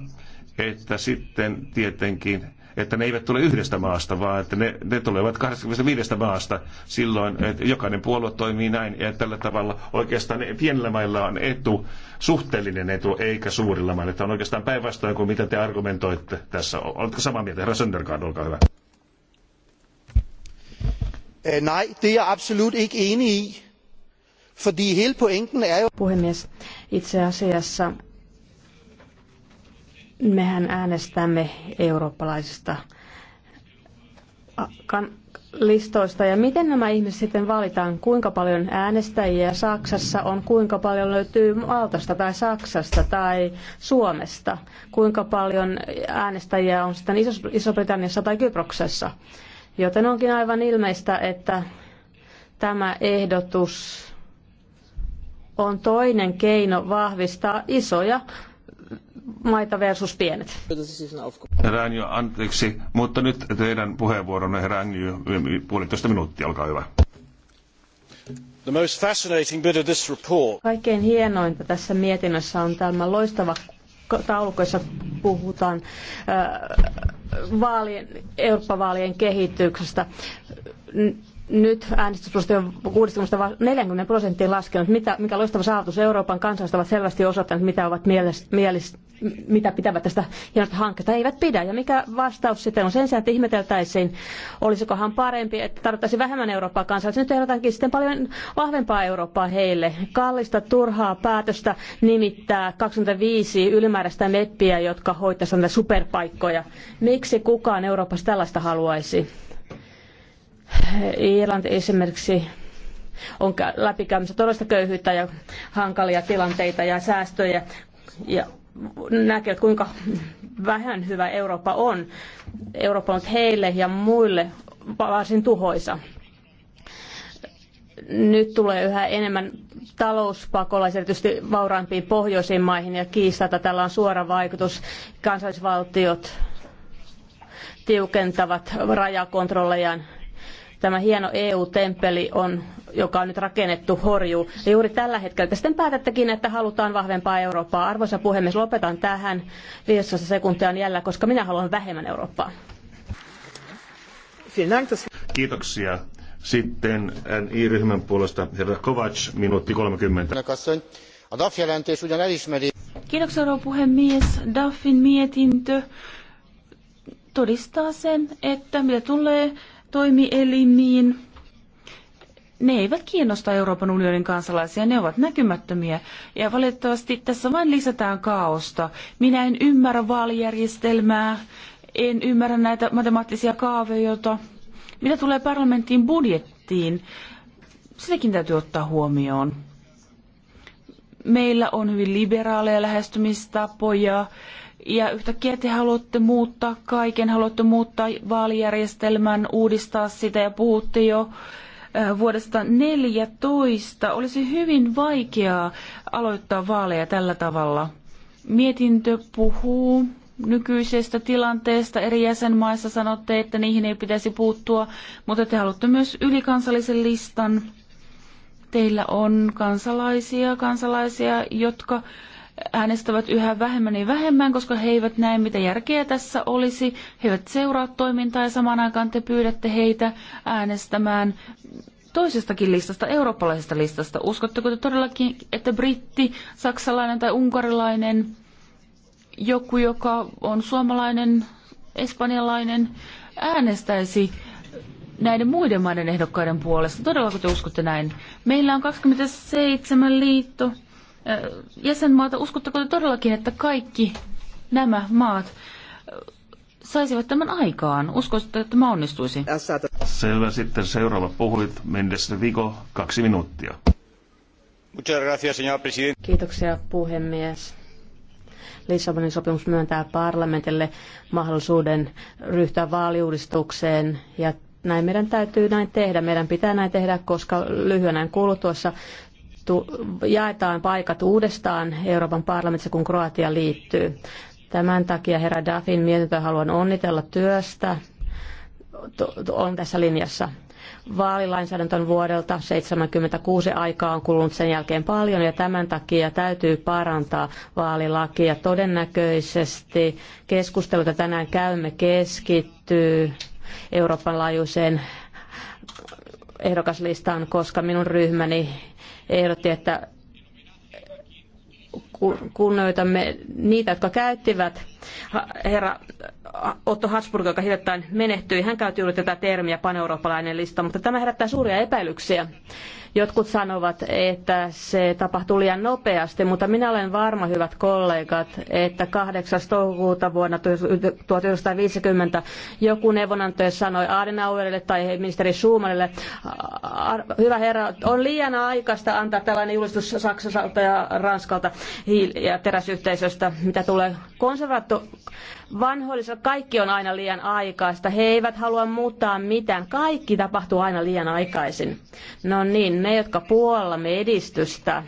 Speaker 1: että sitten tietenkin että ne eivät tule yhdestä maasta, vaan että ne, ne tulevat 25 maasta silloin, että jokainen puolue toimii näin ja tällä tavalla oikeastaan pienillä mailla on etu, suhteellinen etu, eikä suurilla mailla. Tämä on oikeastaan päinvastoin kuin mitä te argumentoitte tässä. Oletko samaa mieltä? Herra Söndergaard, olkaa hyvä.
Speaker 4: Øh, nej, det er jeg absolut ikke enig i. Fordi hele pointen er jo... Puhemies, itse asiassa mehän äänestämme eurooppalaisista listoista. Ja miten nämä ihmiset sitten valitaan? Kuinka paljon äänestäjiä Saksassa on? Kuinka paljon löytyy Maltasta tai Saksasta tai Suomesta? Kuinka paljon äänestäjiä on sitten Iso-Britanniassa tai Kyproksessa? Joten onkin aivan ilmeistä, että tämä ehdotus on toinen keino vahvistaa isoja maita versus pienet.
Speaker 1: Rangio, anteeksi, mutta nyt teidän puheenvuoronne, Rangio, puolitoista minuuttia, olkaa hyvä.
Speaker 2: The most fascinating bit of this report.
Speaker 4: Kaikkein hienointa tässä mietinnössä on tämä loistava taulukoissa puhutaan äh, vaalien, Eurooppa-vaalien kehityksestä nyt äänestysprosentti on 60-40 prosenttia laskenut, mitä, mikä loistava saavutus Euroopan kansalaiset ovat selvästi osoittaneet, mitä, ovat mielis mielis, mitä pitävät tästä hienosta hankkeesta. eivät pidä. Ja mikä vastaus sitten on sen sijaan, että ihmeteltäisiin, olisikohan parempi, että tarvittaisiin vähemmän Eurooppaa kansalaisille. Nyt ehdotankin sitten paljon vahvempaa Eurooppaa heille. Kallista, turhaa päätöstä nimittää 25 ylimääräistä meppiä, jotka hoitaisivat näitä superpaikkoja. Miksi kukaan Euroopassa tällaista haluaisi? Irlanti esimerkiksi on läpikäymässä todellista köyhyyttä ja hankalia tilanteita ja säästöjä ja näkee, kuinka vähän hyvä Eurooppa on. Eurooppa on heille ja muille varsin tuhoisa. Nyt tulee yhä enemmän talouspakolaisia, erityisesti vauraimpiin pohjoisiin maihin, ja kiistata tällä on suora vaikutus. Kansallisvaltiot tiukentavat rajakontrollejaan tämä hieno EU-temppeli, on, joka on nyt rakennettu, horjuu. Ja juuri tällä hetkellä te sitten päätättekin, että halutaan vahvempaa Eurooppaa. Arvoisa puhemies, lopetan tähän 15 sekuntia on jäljellä, koska minä haluan vähemmän Eurooppaa.
Speaker 1: Kiitoksia. Sitten NI-ryhmän puolesta herra Kovac, minuutti 30.
Speaker 3: Kiitoksia, rouva puhemies. DAFin mietintö todistaa sen, että mitä tulee toimielimiin. Ne eivät kiinnosta Euroopan unionin kansalaisia, ne ovat näkymättömiä. Ja valitettavasti tässä vain lisätään kaaosta. Minä en ymmärrä vaalijärjestelmää, en ymmärrä näitä matemaattisia kaavioita. Mitä tulee parlamenttiin budjettiin, sitäkin täytyy ottaa huomioon. Meillä on hyvin liberaaleja lähestymistapoja ja yhtäkkiä te haluatte muuttaa kaiken, haluatte muuttaa vaalijärjestelmän, uudistaa sitä ja puhutte jo vuodesta 14. Olisi hyvin vaikeaa aloittaa vaaleja tällä tavalla. Mietintö puhuu nykyisestä tilanteesta eri jäsenmaissa sanotte, että niihin ei pitäisi puuttua, mutta te haluatte myös ylikansallisen listan. Teillä on kansalaisia, kansalaisia, jotka äänestävät yhä vähemmän ja vähemmän, koska he eivät näe, mitä järkeä tässä olisi. He eivät seuraa toimintaa ja samaan aikaan te pyydätte heitä äänestämään toisestakin listasta, eurooppalaisesta listasta. Uskotteko te todellakin, että britti, saksalainen tai unkarilainen, joku, joka on suomalainen, espanjalainen, äänestäisi näiden muiden maiden ehdokkaiden puolesta? Todellako, te uskotte näin? Meillä on 27 liitto jäsenmaata. Uskotteko te todellakin, että kaikki nämä maat saisivat tämän aikaan?
Speaker 4: Uskoisitte, että tämä onnistuisi?
Speaker 1: Selvä. Sitten seuraava puhujat, Mendes Vigo, kaksi
Speaker 5: minuuttia.
Speaker 4: Kiitoksia puhemies. Lissabonin sopimus myöntää parlamentille mahdollisuuden ryhtyä vaaliuudistukseen ja näin meidän täytyy näin tehdä. Meidän pitää näin tehdä, koska lyhyen kuluttuessa tu- jaetaan paikat uudestaan Euroopan parlamentissa, kun Kroatia liittyy. Tämän takia herra Duffin mietintöä haluan onnitella työstä. on tässä linjassa. Vaalilainsäädäntö on vuodelta 1976 aikaa on kulunut sen jälkeen paljon ja tämän takia täytyy parantaa vaalilakia. Todennäköisesti keskusteluta tänään käymme keskittyy Euroopan laajuiseen ehdokaslistaan, koska minun ryhmäni ehdotti, että kunnioitamme niitä, jotka käyttivät herra Otto Habsburg, joka hiljattain menehtyi, hän käytti juuri tätä termiä paneurooppalainen lista, mutta tämä herättää suuria epäilyksiä. Jotkut sanovat, että se tapahtuu liian nopeasti, mutta minä olen varma, hyvät kollegat, että 8. toukokuuta vuonna 1950 joku neuvonantaja sanoi Adenauerille tai ministeri Schumannille, hyvä herra, on liian aikaista antaa tällainen julistus Saksalta ja Ranskalta ja teräsyhteisöstä, mitä tulee konservaatto Vanhoillisilla kaikki on aina liian aikaista. He eivät halua muuttaa mitään. Kaikki tapahtuu aina liian aikaisin. No niin, ne, jotka puollamme edistystä,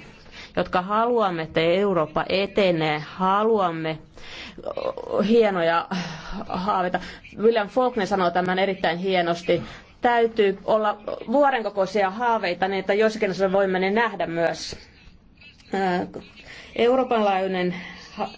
Speaker 4: jotka haluamme, että Eurooppa etenee, haluamme hienoja haaveita. William Faulkner sanoo tämän erittäin hienosti. Täytyy olla vuoren kokoisia haaveita, niin että jossakin voimme ne nähdä myös. Euroopan laajuinen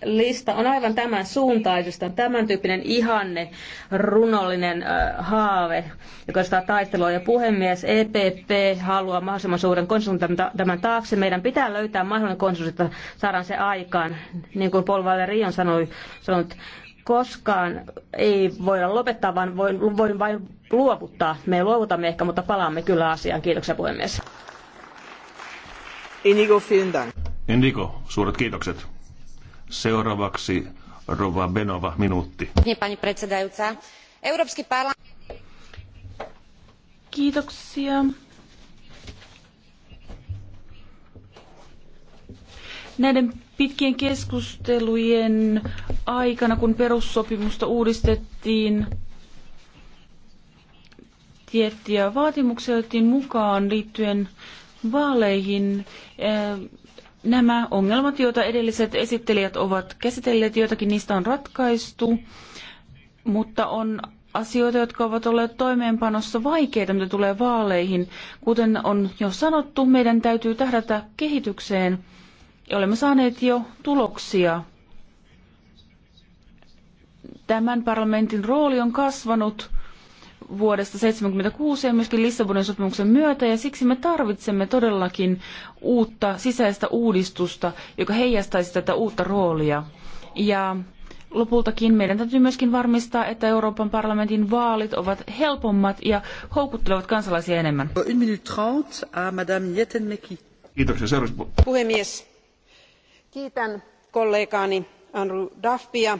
Speaker 4: lista on aivan tämän suuntaisesta, tämän tyyppinen ihanne, runollinen haave, joka ostaa taistelua. Ja puhemies, EPP haluaa mahdollisimman suuren konsultin tämän taakse. Meidän pitää löytää mahdollinen konsultti, että saadaan se aikaan. Niin kuin Paul on sanoi, sanonut, koskaan ei voida lopettaa, vaan voin, voin vain luovuttaa. Me luovutamme ehkä, mutta palaamme kyllä asiaan. Kiitoksia puhemies. vielen Dank.
Speaker 1: Indigo, suuret kiitokset. Seuraavaksi Rova Benova, minuutti.
Speaker 3: Kiitoksia. Näiden pitkien keskustelujen aikana, kun perussopimusta uudistettiin, tiettyjä vaatimuksia otettiin mukaan liittyen vaaleihin. Äh, nämä ongelmat, joita edelliset esittelijät ovat käsitelleet, joitakin niistä on ratkaistu, mutta on asioita, jotka ovat olleet toimeenpanossa vaikeita, mitä tulee vaaleihin. Kuten on jo sanottu, meidän täytyy tähdätä kehitykseen. ja Olemme saaneet jo tuloksia. Tämän parlamentin rooli on kasvanut vuodesta 1976 ja myöskin Lissabonin sopimuksen myötä, ja siksi me tarvitsemme todellakin uutta sisäistä uudistusta, joka heijastaisi tätä uutta roolia. Ja lopultakin meidän täytyy myöskin varmistaa, että Euroopan parlamentin vaalit ovat helpommat ja houkuttelevat kansalaisia enemmän.
Speaker 1: Kiitoksia. Seuraavaksi
Speaker 3: puhemies. Kiitän kollegaani
Speaker 6: Andrew Duffia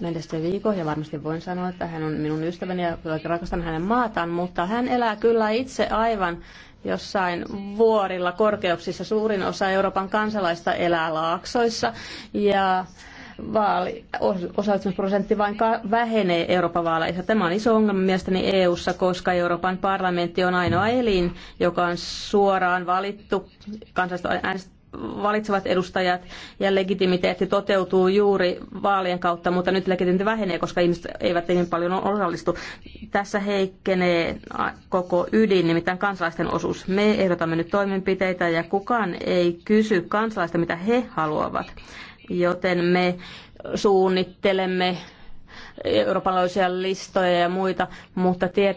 Speaker 4: Mendestö Viiko, ja varmasti voin sanoa, että hän on minun ystäväni ja rakastan hänen maataan, mutta hän elää kyllä itse aivan jossain vuorilla korkeuksissa. Suurin osa Euroopan kansalaista elää laaksoissa ja vaali, osallistumisprosentti vain vähenee Euroopan vaaleissa. Tämä on iso ongelma mielestäni EU:ssa, koska Euroopan parlamentti on ainoa elin, joka on suoraan valittu kansallista äänestä valitsevat edustajat ja legitimiteetti toteutuu juuri vaalien kautta, mutta nyt legitimiteetti vähenee, koska ihmiset eivät niin paljon osallistu. Tässä heikkenee koko ydin, nimittäin kansalaisten osuus. Me ehdotamme nyt toimenpiteitä ja kukaan ei kysy kansalaista, mitä he haluavat. Joten me suunnittelemme eurooppalaisia listoja ja muita, mutta tiet,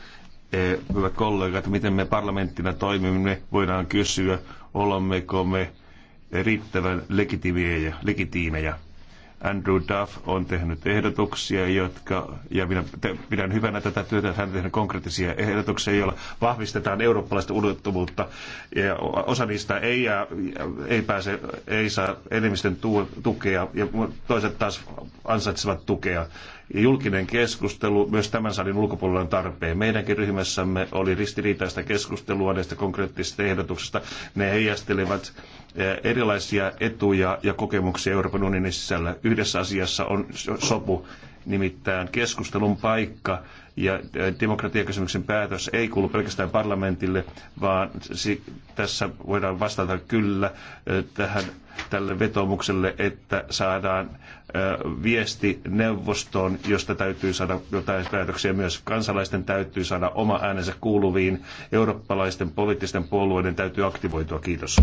Speaker 1: hyvät kollegat, miten me parlamenttina toimimme, voidaan kysyä, olemmeko me riittävän legitiimejä. Andrew Duff on tehnyt ehdotuksia, jotka, ja minä te, pidän hyvänä tätä työtä, että hän on tehnyt konkreettisia ehdotuksia, joilla vahvistetaan eurooppalaista ulottuvuutta. Ja osa niistä ei, jää, ei, pääse, ei saa enemmistön tu, tukea, ja toiset taas ansaitsevat tukea. Ja julkinen keskustelu myös tämän salin ulkopuolella on tarpeen. Meidänkin ryhmässämme oli ristiriitaista keskustelua näistä konkreettisista ehdotuksista. Ne heijastelevat eh, erilaisia etuja ja kokemuksia Euroopan unionin sisällä yhdessä asiassa on sopu, nimittäin keskustelun paikka ja demokratiakysymyksen päätös ei kuulu pelkästään parlamentille, vaan tässä voidaan vastata kyllä tähän tälle vetomukselle, että saadaan viesti neuvostoon, josta täytyy saada jotain päätöksiä myös. Kansalaisten täytyy saada oma äänensä kuuluviin. Eurooppalaisten poliittisten puolueiden täytyy aktivoitua. Kiitos.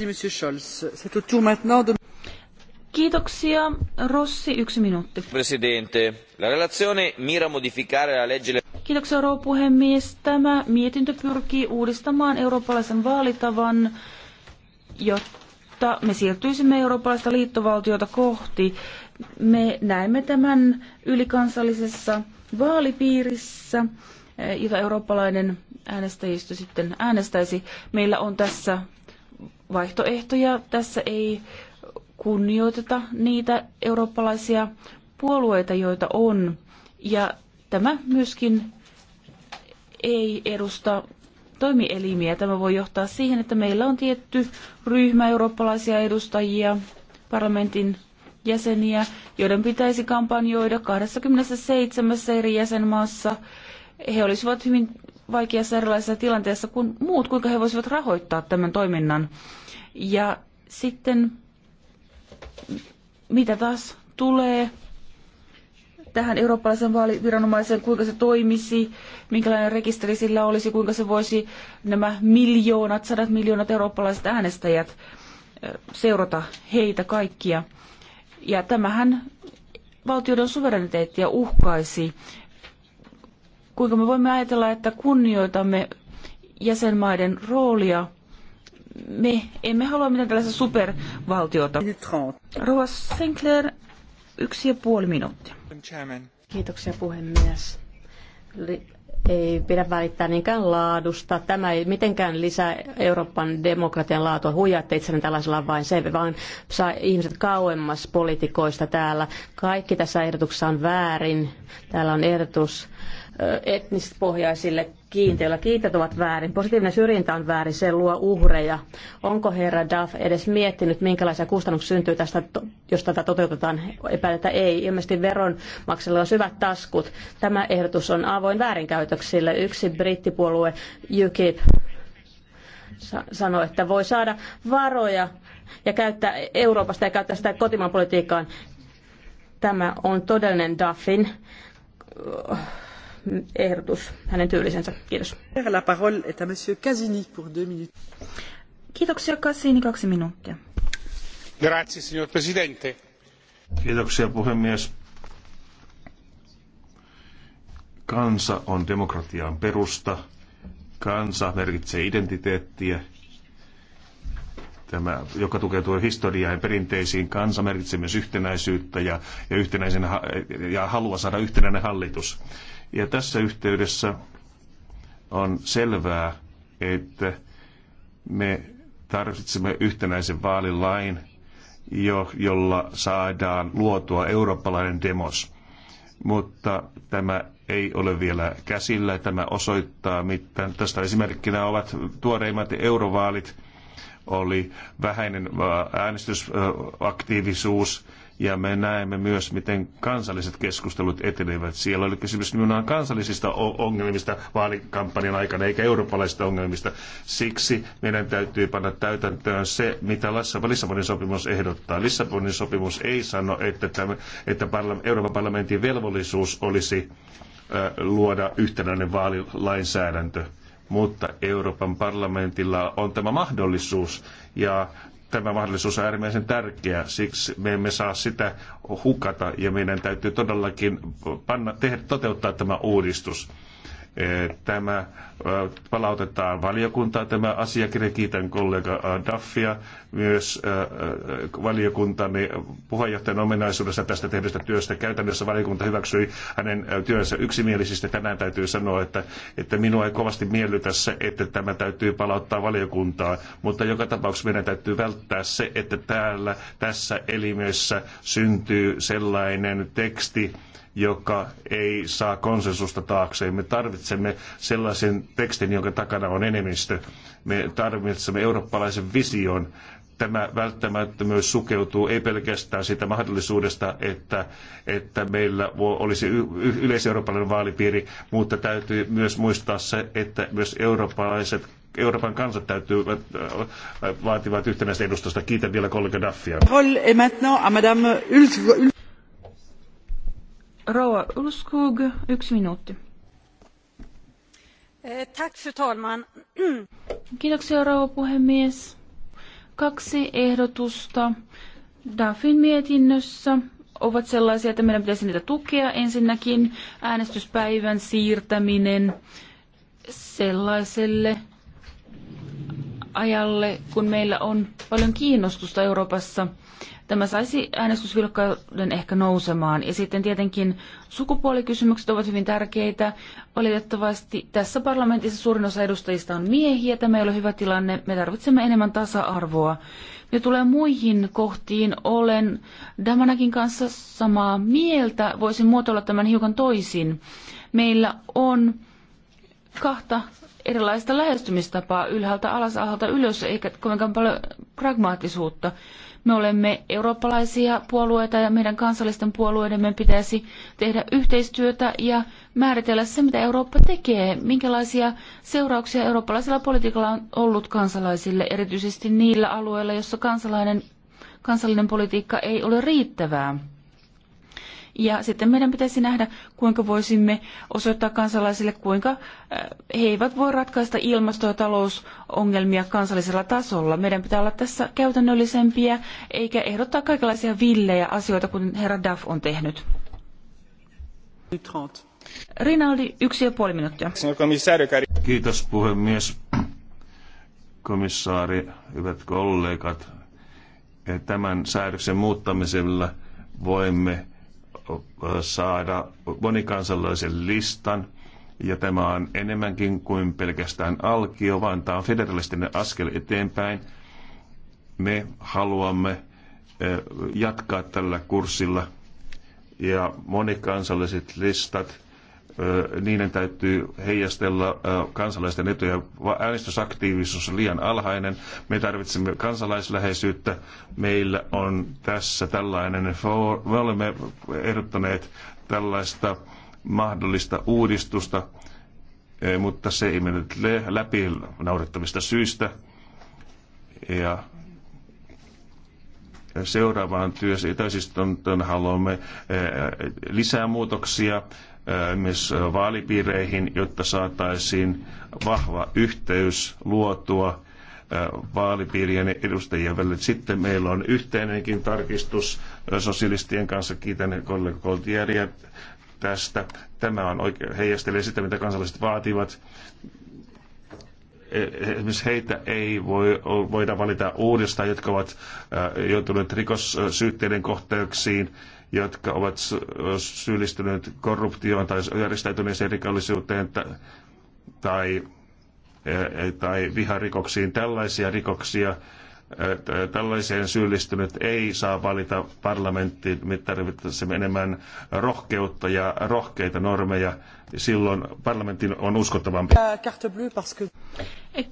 Speaker 3: Kiitoksia. Rossi, yksi minuutti.
Speaker 1: Presidente, la relazione mira modificare
Speaker 3: la legge... Kiitoksia, rouva puhemies. Tämä mietintö pyrkii uudistamaan eurooppalaisen vaalitavan, jotta me siirtyisimme eurooppalaista liittovaltiota kohti. Me näemme tämän ylikansallisessa vaalipiirissä, eh, jota eurooppalainen äänestäjistö sitten äänestäisi. Meillä on tässä vaihtoehtoja. Tässä ei kunnioiteta niitä eurooppalaisia puolueita, joita on. Ja tämä myöskin ei edusta toimielimiä. Tämä voi johtaa siihen, että meillä on tietty ryhmä eurooppalaisia edustajia, parlamentin jäseniä, joiden pitäisi kampanjoida 27 eri jäsenmaassa. He olisivat hyvin vaikeassa erilaisessa tilanteessa kuin muut, kuinka he voisivat rahoittaa tämän toiminnan. Ja sitten mitä taas tulee tähän eurooppalaisen vaaliviranomaiseen, kuinka se toimisi, minkälainen rekisteri sillä olisi, kuinka se voisi nämä miljoonat, sadat miljoonat eurooppalaiset äänestäjät seurata heitä kaikkia. Ja tämähän valtioiden suvereniteettia uhkaisi. Kuinka me voimme ajatella, että kunnioitamme jäsenmaiden roolia me emme halua mitään tällaista supervaltiota. Rova
Speaker 4: Sinclair, yksi ja puoli minuuttia. Kiitoksia puhemies. Ei pidä välittää niinkään laadusta. Tämä ei mitenkään lisää Euroopan demokratian laatua. Huijaatte itsenne tällaisella vain se, vaan saa ihmiset kauemmas poliitikoista täällä. Kaikki tässä ehdotuksessa on väärin. Täällä on ehdotus etnispohjaisille kiintiöllä. Kiintiöt ovat väärin. Positiivinen syrjintä on väärin, se luo uhreja. Onko herra Duff edes miettinyt, minkälaisia kustannuksia syntyy tästä, jos tätä toteutetaan? Epäiltä ei. Ilmeisesti veronmaksajilla on syvät taskut. Tämä ehdotus on avoin väärinkäytöksille. Yksi brittipuolue UKIP sanoi, että voi saada varoja ja käyttää Euroopasta ja käyttää sitä kotimaan politiikkaan. Tämä on todellinen Duffin ehdotus, hänen tyylisensä. Kiitos.
Speaker 7: La parole est à monsieur Casini pour deux minutes.
Speaker 3: Kiitoksia Cassini, kaksi minuuttia.
Speaker 1: Grazie, signor Presidente. Kiitoksia puhemies. Kansa on demokratian perusta. Kansa merkitsee identiteettiä. Tämä, joka tukeutuu historiaan ja perinteisiin, kansa merkitsee myös yhtenäisyyttä ja, ja, ja halua saada yhtenäinen hallitus. Ja tässä yhteydessä on selvää, että me tarvitsemme yhtenäisen vaalilain, jo, jolla saadaan luotua eurooppalainen demos. Mutta tämä ei ole vielä käsillä. Tämä osoittaa, mitä tästä esimerkkinä ovat tuoreimmat eurovaalit, oli vähäinen äänestysaktiivisuus ja me näemme myös, miten kansalliset keskustelut etenevät. Siellä oli kysymys nimenomaan kansallisista ongelmista vaalikampanjan aikana, eikä eurooppalaisista ongelmista. Siksi meidän täytyy panna täytäntöön se, mitä Lissabonin sopimus ehdottaa. Lissabonin sopimus ei sano, että, tämä, että Euroopan parlamentin velvollisuus olisi luoda yhtenäinen vaalilainsäädäntö mutta Euroopan parlamentilla on tämä mahdollisuus ja tämä mahdollisuus on äärimmäisen tärkeä, siksi me emme saa sitä hukata ja meidän täytyy todellakin panna, tehdä, toteuttaa tämä uudistus. Eh, tämä eh, palautetaan valiokuntaan tämä asiakirja. Kiitän kollega Daffia myös eh, valiokuntani puheenjohtajan ominaisuudessa tästä tehdystä työstä. Käytännössä valiokunta hyväksyi hänen työnsä yksimielisesti. Tänään täytyy sanoa, että, että minua ei kovasti miellytä se, että tämä täytyy palauttaa valiokuntaan, mutta joka tapauksessa meidän täytyy välttää se, että täällä tässä elimessä syntyy sellainen teksti, joka ei saa konsensusta taakseen. Me tarvitsemme sellaisen tekstin, jonka takana on enemmistö. Me tarvitsemme eurooppalaisen vision. Tämä välttämättömyys sukeutuu ei pelkästään siitä mahdollisuudesta, että, että meillä olisi yleiseurooppalainen vaalipiiri, mutta täytyy myös muistaa se, että myös eurooppalaiset Euroopan kansat täytyy äh, vaativat yhtenäistä edustusta. Kiitän vielä kollega Daffia.
Speaker 3: Rouva Ulskog, yksi minuutti.
Speaker 8: Eh, tack, fru talman.
Speaker 3: Kiitoksia, rouva puhemies. Kaksi ehdotusta DAFin mietinnössä ovat sellaisia, että meidän pitäisi niitä tukea. Ensinnäkin äänestyspäivän siirtäminen sellaiselle ajalle, kun meillä on paljon kiinnostusta Euroopassa Tämä saisi äänestysvilkkauden ehkä nousemaan. Ja sitten tietenkin sukupuolikysymykset ovat hyvin tärkeitä. Valitettavasti tässä parlamentissa suurin osa edustajista on miehiä. Tämä ei ole hyvä tilanne. Me tarvitsemme enemmän tasa-arvoa. Ja tulee muihin kohtiin. Olen Damanakin kanssa samaa mieltä. Voisin muotoilla tämän hiukan toisin. Meillä on kahta erilaista lähestymistapaa ylhäältä alas, alhaalta ylös, eikä kovinkaan paljon pragmaattisuutta. Me olemme eurooppalaisia puolueita ja meidän kansallisten puolueidemme pitäisi tehdä yhteistyötä ja määritellä se, mitä Eurooppa tekee, minkälaisia seurauksia eurooppalaisella politiikalla on ollut kansalaisille, erityisesti niillä alueilla, joissa kansalainen, kansallinen politiikka ei ole riittävää. Ja sitten meidän pitäisi nähdä, kuinka voisimme osoittaa kansalaisille, kuinka äh, he eivät voi ratkaista ilmasto- ja talousongelmia kansallisella tasolla. Meidän pitää olla tässä käytännöllisempiä, eikä ehdottaa kaikenlaisia villejä asioita, kuten herra Duff on tehnyt. Rinaldi, yksi ja puoli minuuttia.
Speaker 1: Kiitos puhemies, komissaari, hyvät kollegat. Tämän säädöksen muuttamisella voimme saada monikansallisen listan, ja tämä on enemmänkin kuin pelkästään alkio, vaan tämä on federalistinen askel eteenpäin. Me haluamme eh, jatkaa tällä kurssilla, ja monikansalliset listat niiden täytyy heijastella kansalaisten etuja. Äänestysaktiivisuus on liian alhainen. Me tarvitsemme kansalaisläheisyyttä. Meillä on tässä tällainen, me olemme ehdottaneet tällaista mahdollista uudistusta, mutta se ei mennyt läpi naurettavista syistä. Ja seuraavaan työsi, täysistuntoon haluamme lisää muutoksia Äh, myös äh, vaalipiireihin, jotta saataisiin vahva yhteys luotua äh, vaalipiirien edustajien välillä. Sitten meillä on yhteinenkin tarkistus sosialistien kanssa. Kiitän kollega Koltieriä tästä. Tämä on oikein, heijastelee sitä, mitä kansalaiset vaativat. E, e, esimerkiksi heitä ei voi, voida valita uudestaan, jotka ovat joutuneet rikossyytteiden kohteeksiin jotka ovat syyllistyneet korruptioon tai järjestäytyneeseen rikollisuuteen tai, eh, eh, tai viharikoksiin. Tällaisia rikoksia, eh, tällaiseen syyllistynyt ei saa valita parlamenttiin. mitä tarvitsemme enemmän rohkeutta ja rohkeita normeja. Silloin parlamentin on uskottavampi.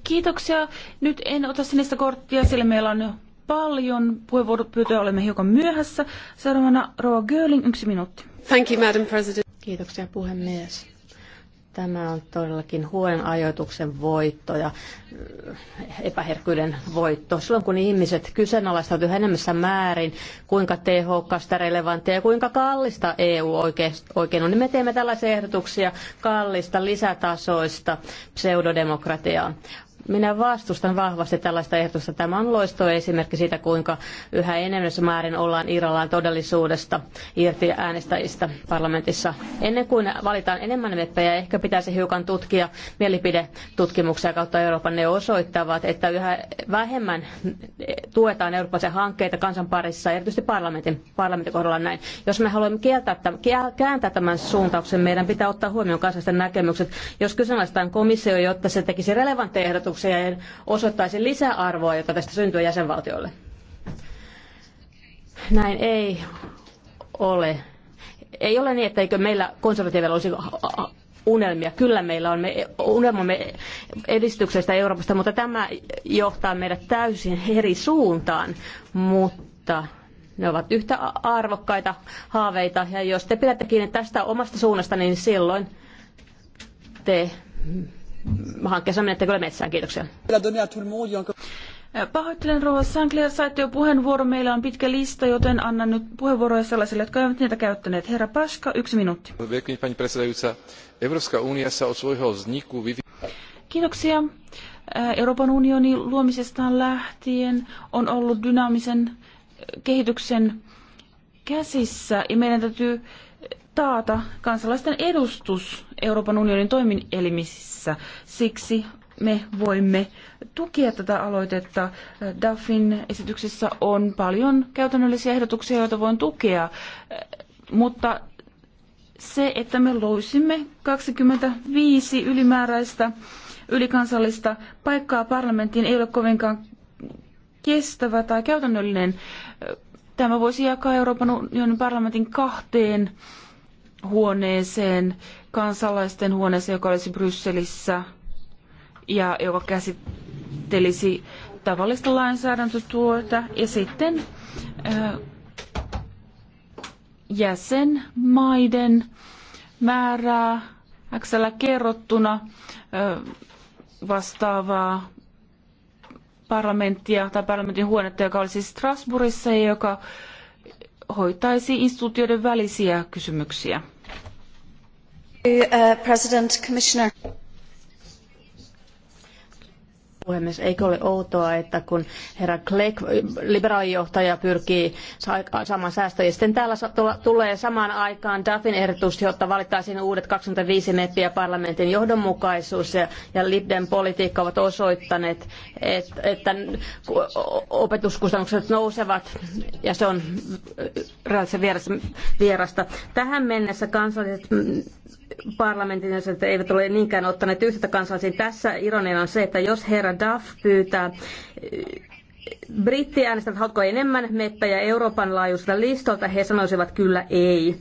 Speaker 3: Kiitoksia. Nyt en ota sinistä korttia, sillä meillä on paljon. Puheenvuoropyyntöjä olemme hiukan myöhässä.
Speaker 4: Seuraavana Roa Göling, yksi minuutti. Thank you, Madam President. Kiitoksia puhemies. Tämä on todellakin huolen ajoituksen voitto ja äh, epäherkkyyden voitto. Silloin kun ihmiset kyseenalaistavat yhä enemmässä määrin, kuinka tehokasta, relevanttia ja kuinka kallista EU oikein on, niin me teemme tällaisia ehdotuksia kallista, lisätasoista pseudodemokratiaa. Minä vastustan vahvasti tällaista ehdotusta. Tämä on loisto esimerkki siitä, kuinka yhä enemmän määrin ollaan Irallaan todellisuudesta irti äänestäjistä parlamentissa. Ennen kuin valitaan enemmän meppejä, ehkä pitäisi hiukan tutkia mielipidetutkimuksia kautta Euroopan. Ne osoittavat, että yhä vähemmän tuetaan eurooppalaisia hankkeita kansan parissa, erityisesti parlamentin, parlamentin kohdalla näin. Jos me haluamme kieltää, kääntää tämän suuntauksen, meidän pitää ottaa huomioon kansallisten näkemykset. Jos kyseenalaistaan komissio, jotta se tekisi relevantteja ehdotuksia, ehdotuksia ja osoittaisi lisäarvoa, jota tästä syntyy jäsenvaltioille. Näin ei ole. Ei ole niin, että eikö meillä konservatiivilla olisi unelmia. Kyllä meillä on me, unelmamme edistyksestä Euroopasta, mutta tämä johtaa meidät täysin eri suuntaan. Mutta ne ovat yhtä arvokkaita haaveita. Ja jos te pidätte kiinni tästä omasta suunnasta, niin silloin te hankkeessa menette kyllä metsään. Kiitoksia.
Speaker 3: Äh, pahoittelen Rova Sankler, saitte jo puheenvuoron. Meillä on pitkä lista, joten annan nyt puheenvuoroja sellaisille, jotka eivät niitä käyttäneet. Herra Paska, yksi minuutti. Kiitoksia. Äh, Euroopan unionin luomisestaan lähtien on ollut dynaamisen äh, kehityksen käsissä ja meidän täytyy taata kansalaisten edustus Euroopan unionin toimielimissä edessä. Siksi me voimme tukea tätä aloitetta. DAFin esityksessä on paljon käytännöllisiä ehdotuksia, joita voin tukea, mutta se, että me loisimme 25 ylimääräistä ylikansallista paikkaa parlamenttiin ei ole kovinkaan kestävä tai käytännöllinen. Tämä voisi jakaa Euroopan unionin parlamentin kahteen huoneeseen kansalaisten huoneeseen, joka olisi Brysselissä ja joka käsittelisi tavallista lainsäädäntötyötä ja sitten ö, jäsenmaiden määrää Xllä kerrottuna ö, vastaavaa parlamenttia tai parlamentin huonetta, joka olisi Strasbourgissa ja joka hoitaisi instituutioiden välisiä kysymyksiä. President,
Speaker 4: Puhemies, eikö ole outoa, että kun herra Kleck, liberaalijohtaja, pyrkii saamaan säästöjä, sitten täällä tulee samaan aikaan Duffin ehdotus, jotta valittaisiin uudet 25 meppiä parlamentin johdonmukaisuus ja, ja Libden politiikka ovat osoittaneet, että, että opetuskustannukset nousevat ja se on reaalisen vierasta. Tähän mennessä kansalliset parlamentin jäsenet eivät ole niinkään ottaneet yhteyttä kansalaisiin. Tässä ironia on se, että jos herra Duff pyytää äh, britti että haluatko enemmän meppejä Euroopan laajuisilta listolta, he sanoisivat kyllä ei.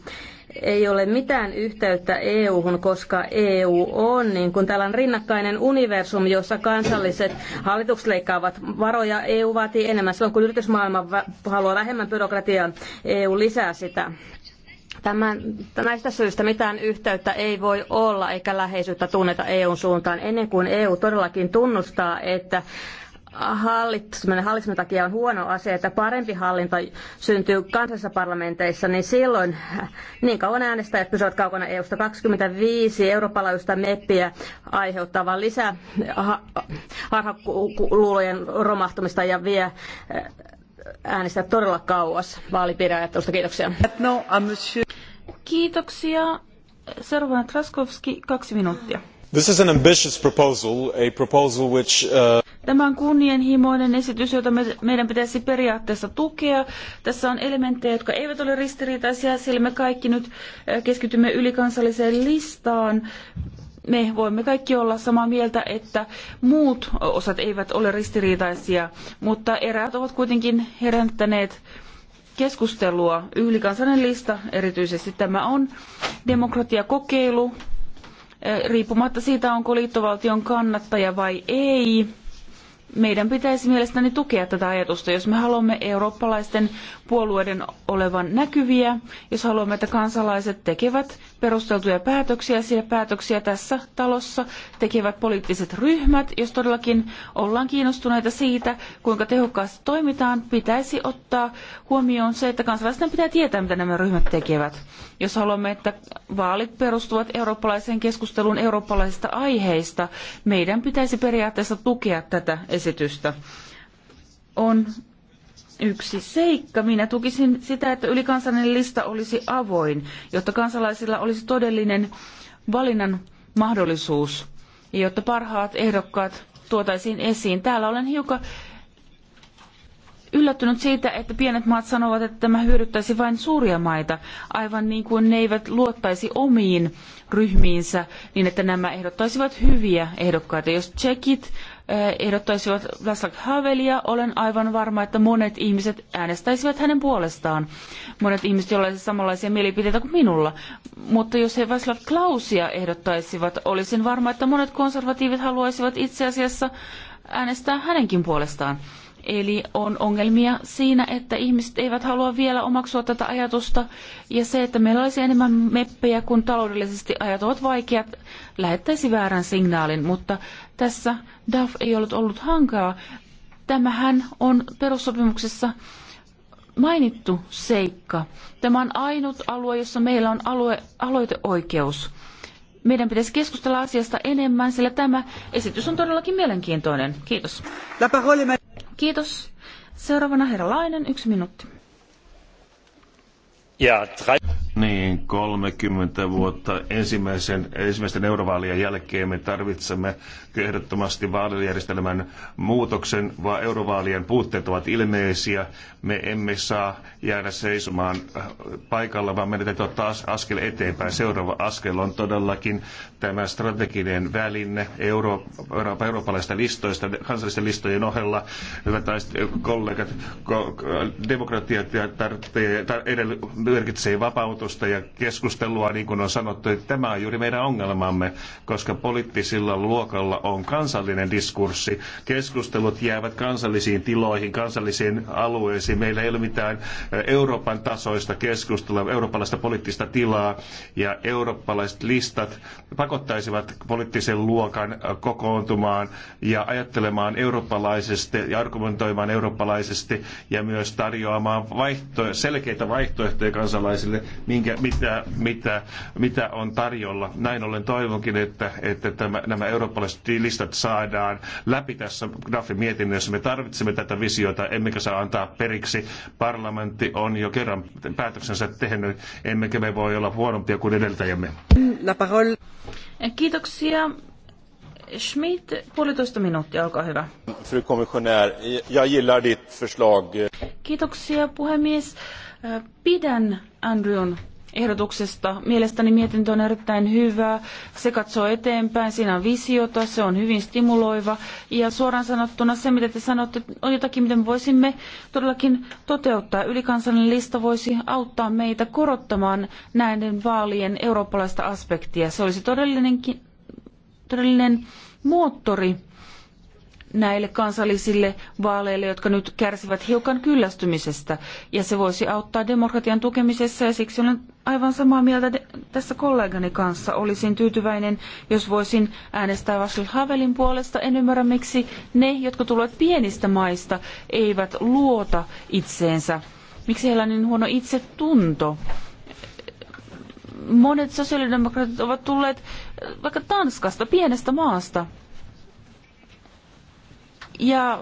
Speaker 4: Ei ole mitään yhteyttä EU-hun, koska EU on niin kuin tällainen rinnakkainen universum, jossa kansalliset hallitukset leikkaavat varoja. EU vaatii enemmän. Silloin kun yritysmaailma haluaa vähemmän byrokratiaa, EU lisää sitä Tämän, näistä syistä mitään yhteyttä ei voi olla eikä läheisyyttä tunneta EUn suuntaan ennen kuin EU todellakin tunnustaa, että hallitseminen, hallitsemisen takia on huono asia, että parempi hallinta syntyy kansallisissa parlamenteissa, niin silloin niin kauan äänestäjät pysyvät kaukana EU-sta. 25 eurooppalaista meppiä aiheuttaa vain lisää harhaluulojen romahtumista ja vie äänestää todella kauas vaalipiiriajattelusta. Kiitoksia. Kiitoksia. Seuraavana Traskovski, kaksi
Speaker 3: minuuttia.
Speaker 5: This is an ambitious proposal, a proposal which, uh...
Speaker 3: Tämä on kunnianhimoinen esitys, jota me, meidän pitäisi periaatteessa tukea. Tässä on elementtejä, jotka eivät ole ristiriitaisia, sillä me kaikki nyt keskitymme ylikansalliseen listaan me voimme kaikki olla samaa mieltä, että muut osat eivät ole ristiriitaisia, mutta eräät ovat kuitenkin herättäneet keskustelua. Ylikansainen lista erityisesti tämä on demokratiakokeilu, eh, riippumatta siitä, onko liittovaltion kannattaja vai ei. Meidän pitäisi mielestäni tukea tätä ajatusta, jos me haluamme eurooppalaisten puolueiden olevan näkyviä, jos haluamme, että kansalaiset tekevät perusteltuja päätöksiä, sillä päätöksiä tässä talossa tekevät poliittiset ryhmät. Jos todellakin ollaan kiinnostuneita siitä, kuinka tehokkaasti toimitaan, pitäisi ottaa huomioon se, että kansalaisten pitää tietää, mitä nämä ryhmät tekevät. Jos haluamme, että vaalit perustuvat eurooppalaiseen keskusteluun eurooppalaisista aiheista, meidän pitäisi periaatteessa tukea tätä esitystä. On yksi seikka. Minä tukisin sitä, että ylikansallinen lista olisi avoin, jotta kansalaisilla olisi todellinen valinnan mahdollisuus ja jotta parhaat ehdokkaat tuotaisiin esiin. Täällä olen hiukan yllättynyt siitä, että pienet maat sanovat, että tämä hyödyttäisi vain suuria maita, aivan niin kuin ne eivät luottaisi omiin ryhmiinsä, niin että nämä ehdottaisivat hyviä ehdokkaita. Jos tsekit eh, ehdottaisivat Václav Havelia, olen aivan varma, että monet ihmiset äänestäisivät hänen puolestaan. Monet ihmiset, joilla olisi samanlaisia mielipiteitä kuin minulla. Mutta jos he Václav Klausia ehdottaisivat, olisin varma, että monet konservatiivit haluaisivat itse asiassa äänestää hänenkin puolestaan. Eli on ongelmia siinä, että ihmiset eivät halua vielä omaksua tätä ajatusta. Ja se, että meillä olisi enemmän meppejä, kun taloudellisesti ajat ovat vaikeat, lähettäisi väärän signaalin. Mutta tässä DAF ei ollut ollut hankaa. Tämähän on perussopimuksessa mainittu seikka. Tämä on ainut alue, jossa meillä on alue, aloiteoikeus. Meidän pitäisi keskustella asiasta enemmän, sillä tämä esitys on todellakin mielenkiintoinen. Kiitos. Kiitos. Seuraavana herra Lainen, yksi minuutti.
Speaker 1: Ja, drei... Niin, 30 vuotta ensimmäisen, ensimmäisten eurovaalien jälkeen me tarvitsemme ehdottomasti vaalijärjestelmän muutoksen, vaan eurovaalien puutteet ovat ilmeisiä. Me emme saa jäädä seisomaan äh, paikalla, vaan meidän täytyy ottaa askel eteenpäin. Seuraava askel on todellakin tämä strateginen väline euro, Euroopan eurooppalaisista listoista, kansallisten listojen ohella. Hyvät kollegat, demokratia tarvitsee, tar, edellä, merkitsee vapautus ajatusta ja keskustelua, niin kuin on sanottu, että tämä on juuri meidän ongelmamme, koska poliittisilla luokalla on kansallinen diskurssi. Keskustelut jäävät kansallisiin tiloihin, kansallisiin alueisiin. Meillä ei ole mitään eh, Euroopan tasoista keskustelua, eurooppalaista poliittista tilaa ja eurooppalaiset listat pakottaisivat poliittisen luokan eh, kokoontumaan ja ajattelemaan eurooppalaisesti ja argumentoimaan eurooppalaisesti ja myös tarjoamaan vaihto- selkeitä vaihtoehtoja kansalaisille, niin minkä, mitä, mitä, mitä on tarjolla. Näin ollen toivonkin, että, että tämä, nämä eurooppalaiset listat saadaan läpi tässä Graffin mietinnössä. Me tarvitsemme tätä visiota, emmekä saa antaa periksi. Parlamentti on jo kerran päätöksensä tehnyt, emmekä me voi olla huonompia kuin edeltäjämme.
Speaker 3: Kiitoksia. Schmidt, puolitoista minuuttia, olkaa hyvä.
Speaker 5: Fru kommissionär, jag gillar ditt förslag.
Speaker 3: Kiitoksia puhemies. Pidän Andrewn ehdotuksesta. Mielestäni mietintö on erittäin hyvä. Se katsoo eteenpäin, siinä on visiota, se on hyvin stimuloiva. Ja suoraan sanottuna se, mitä te sanotte, on jotakin, miten voisimme todellakin toteuttaa. Ylikansallinen lista voisi auttaa meitä korottamaan näiden vaalien eurooppalaista aspektia. Se olisi todellinen, todellinen moottori näille kansallisille vaaleille, jotka nyt kärsivät hiukan kyllästymisestä. Ja se voisi auttaa demokratian tukemisessa ja siksi olen aivan samaa mieltä tässä kollegani kanssa. Olisin tyytyväinen, jos voisin äänestää Vasil Havelin puolesta. En ymmärrä, miksi ne, jotka tulevat pienistä maista, eivät luota itseensä. Miksi heillä on niin huono itsetunto? Monet sosiaalidemokraatit ovat tulleet vaikka Tanskasta, pienestä maasta ja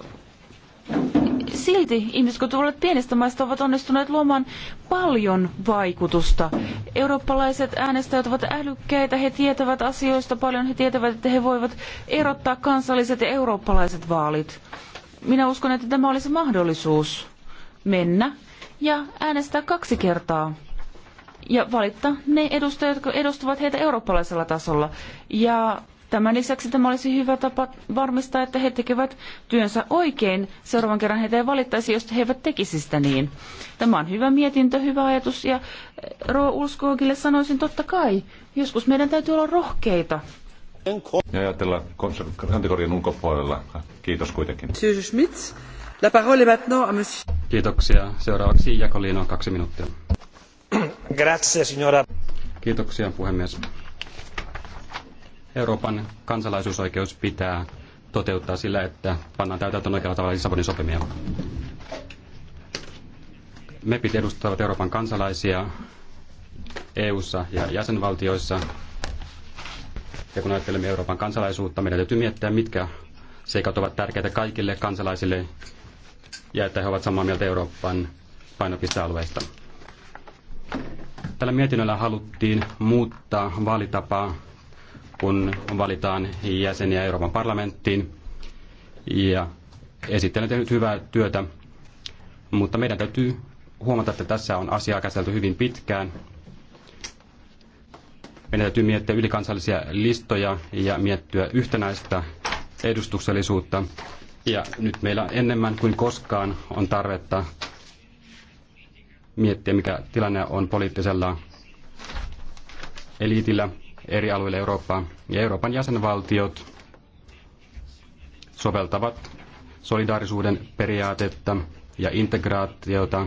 Speaker 3: silti ihmiset, jotka tulevat pienistä maista, ovat onnistuneet luomaan paljon vaikutusta. Eurooppalaiset äänestäjät ovat älykkäitä, he tietävät asioista paljon, he tietävät, että he voivat erottaa kansalliset ja eurooppalaiset vaalit. Minä uskon, että tämä olisi mahdollisuus mennä ja äänestää kaksi kertaa ja valittaa ne edustajat, jotka edustavat heitä eurooppalaisella tasolla. Ja Tämän lisäksi tämä olisi hyvä tapa varmistaa, että he tekevät työnsä oikein. Seuraavan kerran heitä ei valittaisi, jos he eivät tekisi sitä niin. Tämä on hyvä mietintö, hyvä ajatus ja eh, Roo Ulskoogille sanoisin totta kai. Joskus meidän täytyy olla rohkeita.
Speaker 9: Ja ajatella kategorian ulkopuolella. Kiitos kuitenkin.
Speaker 2: La parole maintenant à monsieur... Kiitoksia. Seuraavaksi Jakolino, kaksi minuuttia. Grazie, signora. Kiitoksia, puhemies. Euroopan kansalaisuusoikeus pitää toteuttaa sillä, että pannaan täytäntöön oikealla tavalla Lissabonin sopimia. MEPit edustavat Euroopan kansalaisia EU:ssa ja jäsenvaltioissa. Ja kun ajattelemme Euroopan kansalaisuutta, meidän täytyy miettiä, mitkä seikat ovat tärkeitä kaikille kansalaisille ja että he ovat samaa mieltä Euroopan painopistealueista. Tällä mietinnöllä haluttiin muuttaa vaalitapaa kun valitaan jäseniä Euroopan parlamenttiin. Ja esittelen tehnyt hyvää työtä, mutta meidän täytyy huomata, että tässä on asiaa käsitelty hyvin pitkään. Meidän täytyy miettiä ylikansallisia listoja ja miettiä yhtenäistä edustuksellisuutta. Ja nyt meillä enemmän kuin koskaan on tarvetta miettiä, mikä tilanne on poliittisella eliitillä eri alueille Eurooppaa. Ja Euroopan jäsenvaltiot soveltavat solidaarisuuden periaatetta ja integraatiota,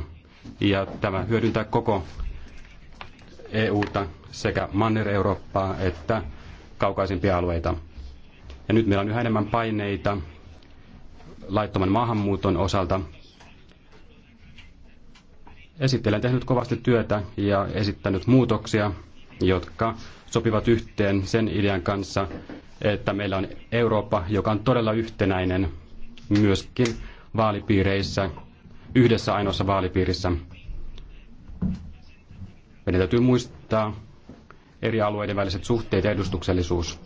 Speaker 2: ja tämä hyödyntää koko EUta sekä Manner-Eurooppaa että kaukaisimpia alueita. Ja nyt meillä on yhä enemmän paineita laittoman maahanmuuton osalta. Esittelen tehnyt kovasti työtä ja esittänyt muutoksia, jotka sopivat yhteen sen idean kanssa, että meillä on Eurooppa, joka on todella yhtenäinen myöskin vaalipiireissä, yhdessä ainoassa vaalipiirissä. Meidän täytyy muistaa eri alueiden väliset suhteet ja edustuksellisuus.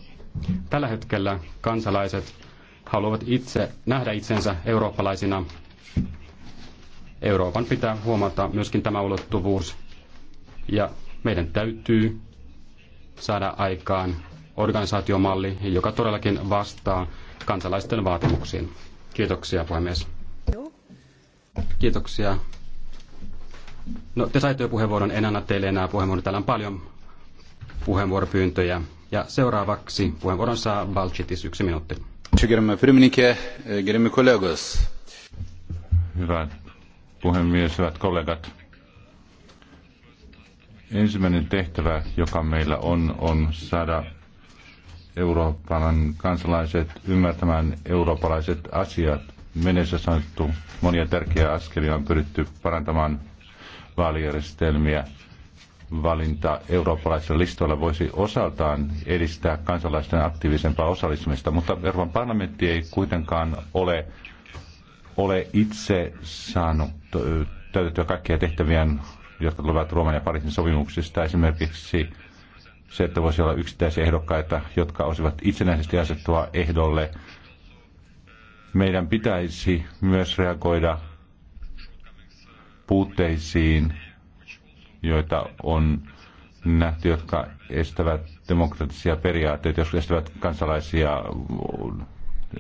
Speaker 2: Tällä hetkellä kansalaiset haluavat itse nähdä itsensä eurooppalaisina. Euroopan pitää huomata myöskin tämä ulottuvuus. Ja meidän täytyy saada aikaan organisaatiomalli, joka todellakin vastaa kansalaisten vaatimuksiin. Kiitoksia, puhemies. Kiitoksia. No, te saitte jo puheenvuoron, en anna teille enää puheenvuoron. Täällä on paljon puheenvuoropyyntöjä. Ja seuraavaksi puheenvuoron saa Balchitis yksi minuutti.
Speaker 9: Hyvä puhemies, hyvät kollegat. Ensimmäinen tehtävä, joka meillä on, on saada Euroopan kansalaiset ymmärtämään eurooppalaiset asiat. Menessä sanottu monia tärkeä askelia on pyritty parantamaan vaalijärjestelmiä. Valinta eurooppalaisilla listoilla voisi osaltaan edistää kansalaisten aktiivisempaa osallistumista, mutta Euroopan parlamentti ei kuitenkaan ole, ole itse saanut täytettyä kaikkia tehtäviään jotka tulevat Rooman ja Pariisin sopimuksista. Esimerkiksi se, että voisi olla yksittäisiä ehdokkaita, jotka olisivat itsenäisesti asettua ehdolle. Meidän pitäisi myös reagoida puutteisiin, joita on nähty, jotka estävät demokratisia periaatteita, jos estävät kansalaisia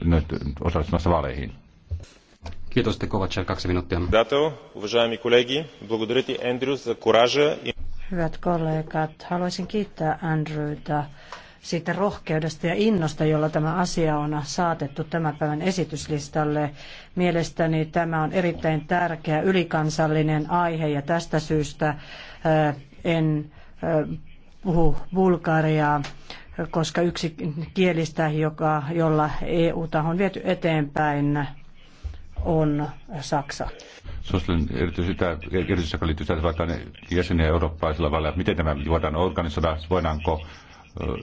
Speaker 9: nyt osallistumassa vaaleihin. Kiitos te Kovacev, kaksi minuuttia.
Speaker 8: Hyvät kollegat, haluaisin kiittää Andrewta siitä rohkeudesta ja innosta, jolla tämä asia on saatettu tämän päivän esityslistalle. Mielestäni tämä on erittäin tärkeä ylikansallinen aihe ja tästä syystä eh, en eh, puhu Bulgariaa, koska yksi kielistä, joka, jolla EU-ta on viety eteenpäin on Saksa.
Speaker 9: Sosiaalinen erityisesti tämä erityisesti, joka liittyy tällaisen jäseniä eurooppalaisilla vaaleilla. Miten tämä voidaan organisoida? Voidaanko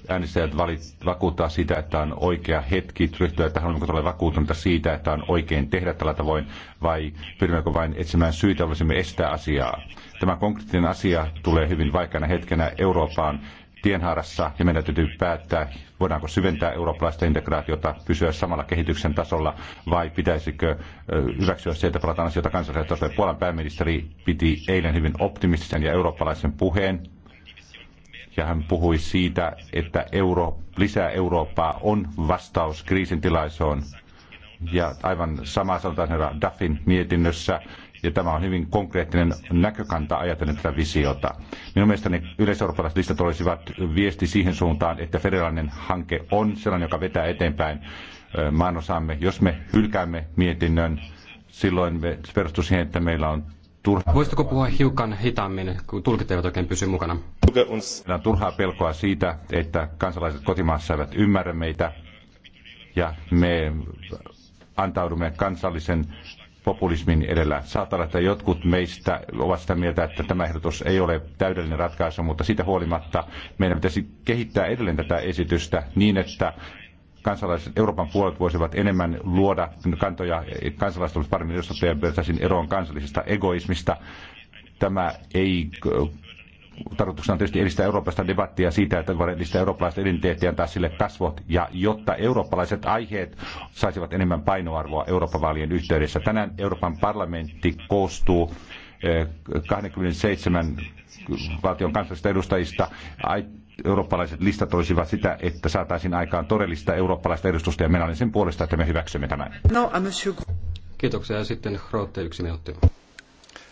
Speaker 9: äänestäjät valit, vakuuttaa sitä, että on oikea hetki ryhtyä tähän, onko olla vakuutunut siitä, että on oikein tehdä tällä tavoin, vai pyrimmekö vain etsimään syitä, olisimme estää asiaa. Tämä konkreettinen asia tulee hyvin vaikeana hetkenä Eurooppaan, tienhaarassa ja meidän täytyy päättää, voidaanko syventää eurooppalaista integraatiota, pysyä samalla kehityksen tasolla vai pitäisikö hyväksyä se, että palataan asioita kansalliselle tasolle. Puolan pääministeri piti eilen hyvin optimistisen ja eurooppalaisen puheen ja hän puhui siitä, että euro, lisää Eurooppaa on vastaus kriisin tilaisoon. Ja aivan samaa sanotaan herra Duffin mietinnössä, ja tämä on hyvin konkreettinen näkökanta ajatellen tätä visiota. Minun mielestäni yleiseurooppalaiset listat olisivat viesti siihen suuntaan, että federaalinen hanke on sellainen, joka vetää eteenpäin maanosaamme. Jos me hylkäämme mietinnön, silloin me perustuu siihen, että meillä on turha... Voisitko puhua hiukan hitaammin, kun tulkit eivät oikein pysy mukana? Meillä on turhaa pelkoa siitä, että kansalaiset kotimaassa eivät ymmärrä meitä ja me antaudumme kansallisen populismin edellä. Saattaa olla, että jotkut meistä ovat sitä mieltä, että tämä ehdotus ei ole täydellinen ratkaisu, mutta siitä huolimatta meidän pitäisi kehittää edelleen tätä esitystä niin, että kansalaiset, Euroopan puolet voisivat enemmän luoda kantoja, kansalaiset olisivat paremmin edustettuja eroon kansallisesta egoismista. Tämä ei tarkoituksena on tietysti edistää eurooppalaista debattia siitä, että voidaan edistää eurooppalaista identiteettiä, taas sille kasvot, ja jotta eurooppalaiset aiheet saisivat enemmän painoarvoa Euroopan vaalien yhteydessä. Tänään Euroopan parlamentti koostuu 27 eh, valtion kansallisista edustajista. Eurooppalaiset listat olisivat sitä, että saataisiin aikaan todellista eurooppalaista edustusta, ja minä olen sen puolesta, että me hyväksymme tämän. No, Kiitoksia.
Speaker 2: Ja sitten Rootte yksi minuutti.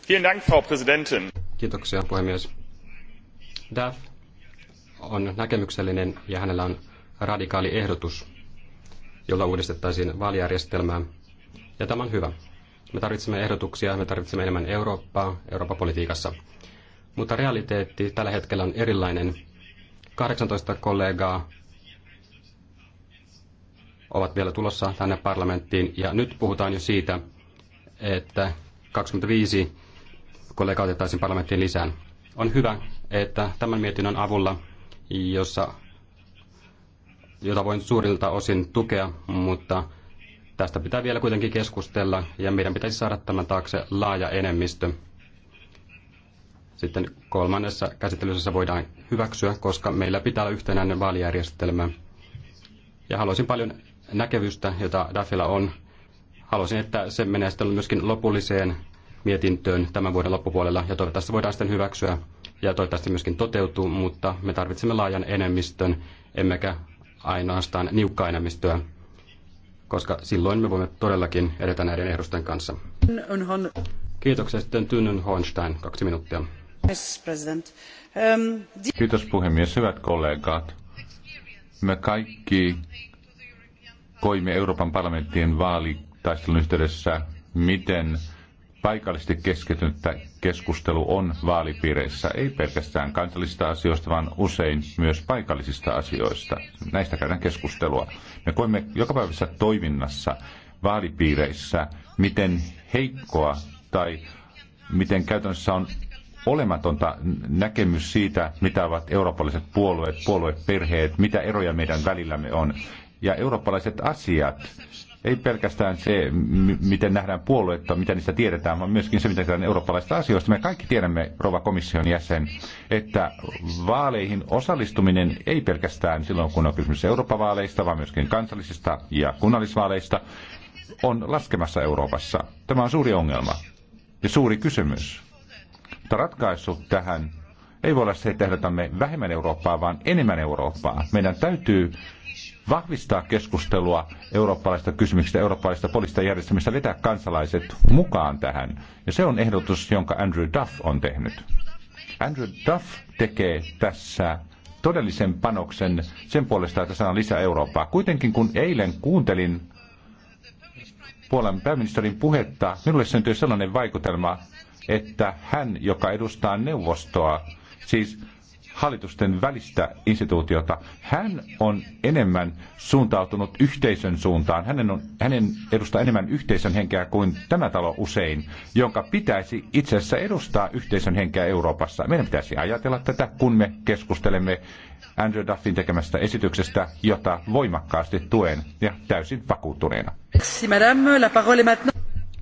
Speaker 2: Vielen Dank, Frau Präsidentin. Kiitoksia, puhemies Duff on näkemyksellinen ja hänellä on radikaali ehdotus, jolla uudistettaisiin vaalijärjestelmää. Ja tämä on hyvä. Me tarvitsemme ehdotuksia, me tarvitsemme enemmän Eurooppaa Euroopan politiikassa. Mutta realiteetti tällä hetkellä on erilainen. 18 kollegaa ovat vielä tulossa tänne parlamenttiin. Ja nyt puhutaan jo siitä, että 25 kollegaa otettaisiin parlamenttiin lisään. On hyvä, että tämän mietinnön avulla, jossa, jota voin suurilta osin tukea, mutta tästä pitää vielä kuitenkin keskustella ja meidän pitäisi saada tämän taakse laaja enemmistö. Sitten kolmannessa käsittelyssä voidaan hyväksyä, koska meillä pitää olla yhtenäinen vaalijärjestelmä. Ja haluaisin paljon näkevystä, jota Dafilla on. Haluaisin, että se menee sitten myöskin lopulliseen mietintöön tämän vuoden loppupuolella ja toivottavasti voidaan sitten hyväksyä ja toivottavasti myöskin toteutuu, mutta me tarvitsemme laajan enemmistön, emmekä ainoastaan niukkaa enemmistöä, koska silloin me voimme todellakin edetä näiden ehdosten kanssa. Kiitoksia sitten Tynnyn Hornstein, kaksi minuuttia.
Speaker 9: Kiitos puhemies, hyvät kollegat. Me kaikki koimme Euroopan parlamenttien vaalitaistelun yhteydessä, miten paikallisesti keskitynyttä keskustelu on vaalipiireissä, ei pelkästään kansallisista asioista, vaan usein myös paikallisista asioista. Näistä käydään keskustelua. Me koemme päivässä toiminnassa vaalipiireissä, miten heikkoa tai miten käytännössä on olematonta näkemys siitä, mitä ovat eurooppalaiset puolueet, puolueperheet, mitä eroja meidän välillämme on. Ja eurooppalaiset asiat, ei pelkästään se, miten nähdään puoluetta, mitä niistä tiedetään, vaan myöskin se, mitä tiedetään eurooppalaisista asioista. Me kaikki tiedämme, rova komission jäsen, että vaaleihin osallistuminen ei pelkästään silloin, kun on kysymys Euroopan vaaleista, vaan myöskin kansallisista ja kunnallisvaaleista, on laskemassa Euroopassa. Tämä on suuri ongelma ja suuri kysymys. Mutta ratkaisu tähän ei voi olla se, että ehdotamme vähemmän Eurooppaa, vaan enemmän Eurooppaa. Meidän täytyy vahvistaa keskustelua eurooppalaisista kysymyksistä, eurooppalaisista poliisista järjestelmistä, vetää kansalaiset mukaan tähän. Ja se on ehdotus, jonka Andrew Duff on tehnyt. Andrew Duff tekee tässä todellisen panoksen sen puolesta, että saadaan lisää Eurooppaa. Kuitenkin kun eilen kuuntelin Puolan pääministerin puhetta, minulle syntyi sellainen vaikutelma, että hän, joka edustaa neuvostoa, siis hallitusten välistä instituutiota. Hän on enemmän suuntautunut yhteisön suuntaan. Hänen, on, hänen edustaa enemmän yhteisön henkeä kuin tämä talo usein, jonka pitäisi itse asiassa edustaa yhteisön henkeä Euroopassa. Meidän pitäisi ajatella tätä, kun me keskustelemme Andrew Duffin tekemästä esityksestä, jota voimakkaasti tuen ja täysin vakuuttuneena.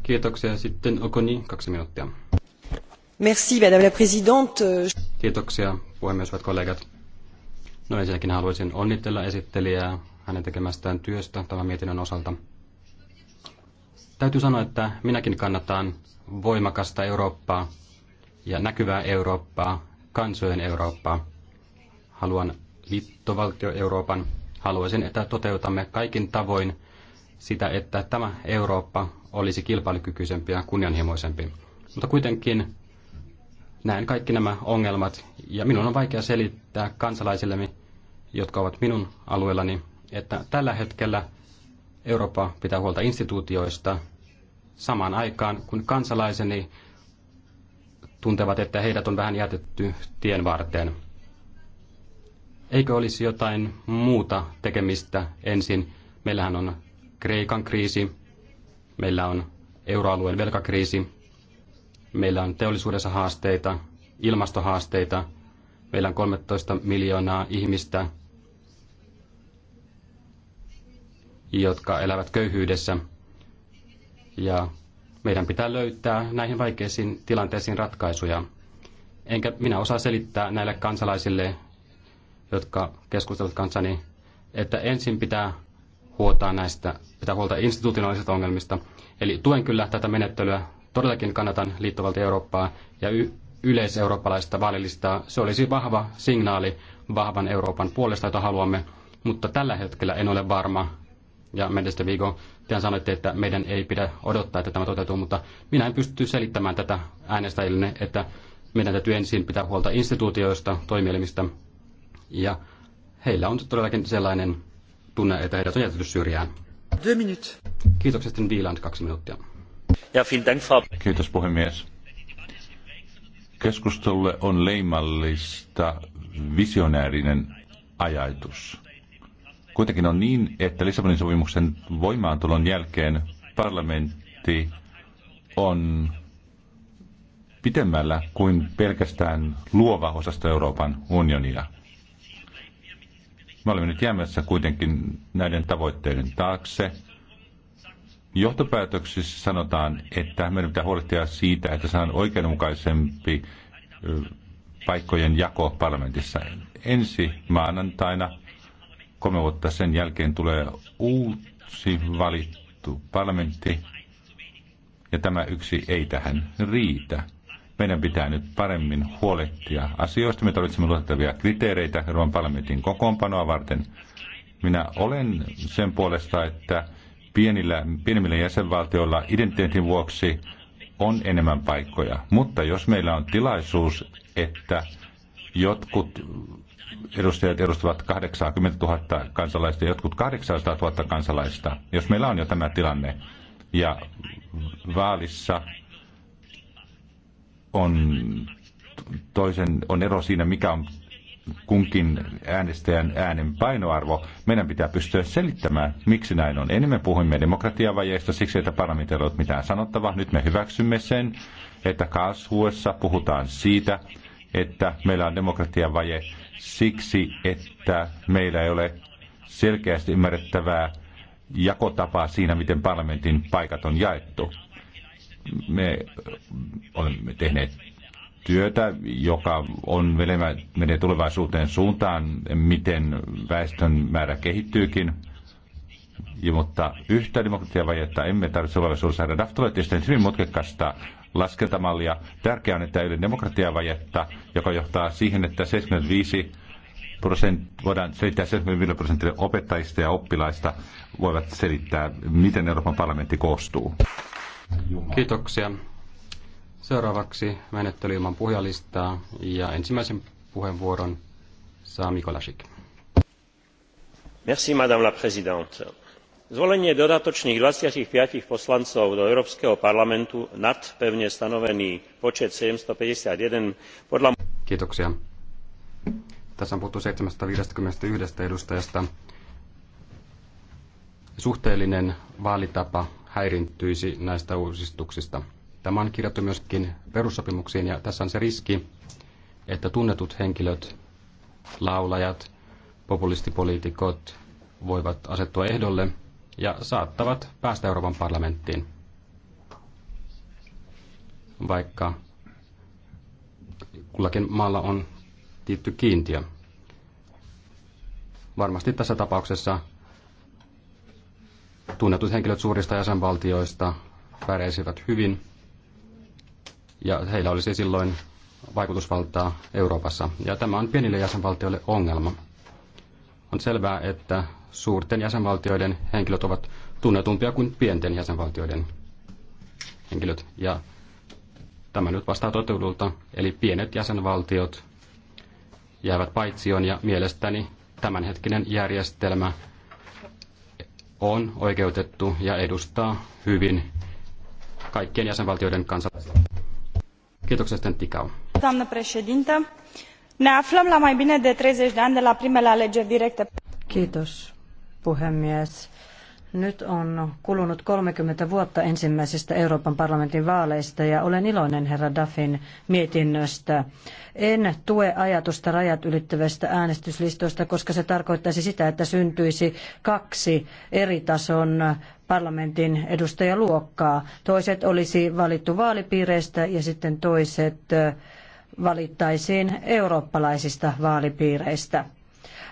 Speaker 2: Kiitoksia. Sitten Okoni, kaksi minuuttia.
Speaker 7: Merci, madame la présidente.
Speaker 2: puhemies, kollegat. No ensinnäkin haluaisin onnitella esittelijää hänen tekemästään työstä tämän mietinnön osalta. Täytyy sanoa, että minäkin kannatan voimakasta Eurooppaa ja näkyvää Eurooppaa, kansojen Eurooppaa. Haluan liittovaltio Euroopan. Haluaisin, että toteutamme kaikin tavoin sitä, että tämä Eurooppa olisi kilpailukykyisempi ja kunnianhimoisempi. Mutta kuitenkin näen kaikki nämä ongelmat ja minun on vaikea selittää kansalaisillemi, jotka ovat minun alueellani, että tällä hetkellä Eurooppa pitää huolta instituutioista samaan aikaan, kun kansalaiseni tuntevat, että heidät on vähän jätetty tien varteen. Eikö olisi jotain muuta tekemistä ensin? Meillähän on Kreikan kriisi, meillä on euroalueen velkakriisi, Meillä on teollisuudessa haasteita, ilmastohaasteita. Meillä on 13 miljoonaa ihmistä, jotka elävät köyhyydessä. Ja meidän pitää löytää näihin vaikeisiin tilanteisiin ratkaisuja. Enkä minä osaa selittää näille kansalaisille, jotka keskustelevat kanssani, että ensin pitää huolta näistä, pitää huolta institutionaalisista ongelmista. Eli tuen kyllä tätä menettelyä, todellakin kannatan liittovaltio Eurooppaa ja y- yleiseurooppalaista vaalilistaa. Se olisi vahva signaali vahvan Euroopan puolesta, jota haluamme, mutta tällä hetkellä en ole varma. Ja Mendes Vigo, te sanoitte, että meidän ei pidä odottaa, että tämä toteutuu, mutta minä en pysty selittämään tätä äänestäjille, että meidän täytyy ensin pitää huolta instituutioista, toimielimistä, ja heillä on todellakin sellainen tunne, että heidät on jätetty syrjään. Kiitoksia sitten Viiland kaksi minuuttia.
Speaker 9: Kiitos puhemies. Keskustelulle on leimallista visionäärinen ajatus. Kuitenkin on niin, että Lissabonin sopimuksen voimaantulon jälkeen parlamentti on pitemmällä kuin pelkästään luova osasto Euroopan unionia. Me olemme nyt jäämässä kuitenkin näiden tavoitteiden taakse. Johtopäätöksissä sanotaan, että meidän pitää huolehtia siitä, että saadaan oikeudenmukaisempi paikkojen jako parlamentissa. Ensi maanantaina, kolme vuotta sen jälkeen, tulee uusi valittu parlamentti, ja tämä yksi ei tähän riitä. Meidän pitää nyt paremmin huolehtia asioista. Me tarvitsemme luotettavia kriteereitä Euroopan parlamentin kokoonpanoa varten. Minä olen sen puolesta, että pienillä, pienemmillä jäsenvaltioilla identiteetin vuoksi on enemmän paikkoja. Mutta jos meillä on tilaisuus, että jotkut edustajat edustavat 80 000 kansalaista, jotkut 800 000 kansalaista, jos meillä on jo tämä tilanne, ja vaalissa on, toisen, on ero siinä, mikä on kunkin äänestäjän äänen painoarvo. Meidän pitää pystyä selittämään, miksi näin on. Enemmän puhuimme demokratiavajeista siksi, että parlamentti ei mitään sanottavaa. Nyt me hyväksymme sen, että kasvuessa puhutaan siitä, että meillä on demokratiavaje siksi, että meillä ei ole selkeästi ymmärrettävää jakotapaa siinä, miten parlamentin paikat on jaettu. Me olemme tehneet työtä, joka on menee tulevaisuuteen suuntaan, miten väestön määrä kehittyykin. Ja, mutta yhtä demokratiavajetta emme tarvitse tulevaisuudessa saada. DAF tulee tietysti hyvin mutkikasta laskentamallia. Tärkeää on, että ei ole demokratiavajetta, joka johtaa siihen, että 75 prosent, voidaan selittää 75 prosenttia opettajista ja oppilaista voivat selittää, miten Euroopan parlamentti koostuu.
Speaker 2: Kiitoksia. Seuraavaksi menettely ilman puhujalistaa ja ensimmäisen puheenvuoron saa Mikolasik.
Speaker 1: Merci, madame la présidente. Zvolenie dodatočných 25 poslancov do Európskeho parlamentu nad pevne stanovený počet 751 podľa...
Speaker 2: Kiitoksia. Tässä on puhuttu 751 edustajasta. Suhteellinen vaalitapa häirintyisi näistä uusistuksista. Tämä on kirjattu myöskin perussopimuksiin ja tässä on se riski, että tunnetut henkilöt, laulajat, populistipoliitikot voivat asettua ehdolle ja saattavat päästä Euroopan parlamenttiin. Vaikka kullakin maalla on tietty kiintiö. Varmasti tässä tapauksessa tunnetut henkilöt suurista jäsenvaltioista pärjäisivät hyvin – ja heillä olisi silloin vaikutusvaltaa Euroopassa. Ja tämä on pienille jäsenvaltioille ongelma. On selvää, että suurten jäsenvaltioiden henkilöt ovat tunnetumpia kuin pienten jäsenvaltioiden henkilöt. Ja tämä nyt vastaa toteudulta, eli pienet jäsenvaltiot jäävät paitsioon ja mielestäni tämänhetkinen järjestelmä on oikeutettu ja edustaa hyvin kaikkien jäsenvaltioiden kansalaisia.
Speaker 3: Doamnă președintă,
Speaker 8: ne aflăm la mai bine de 30 de ani de la primele alegeri directe. Kiitos, european. Nyt on kulunut 30 vuotta ensimmäisistä Euroopan parlamentin vaaleista ja olen iloinen herra Duffin mietinnöstä. En tue ajatusta rajat ylittävästä äänestyslistoista, koska se tarkoittaisi sitä, että syntyisi kaksi eri tason parlamentin edustajaluokkaa. Toiset olisi valittu vaalipiireistä ja sitten toiset valittaisiin eurooppalaisista vaalipiireistä.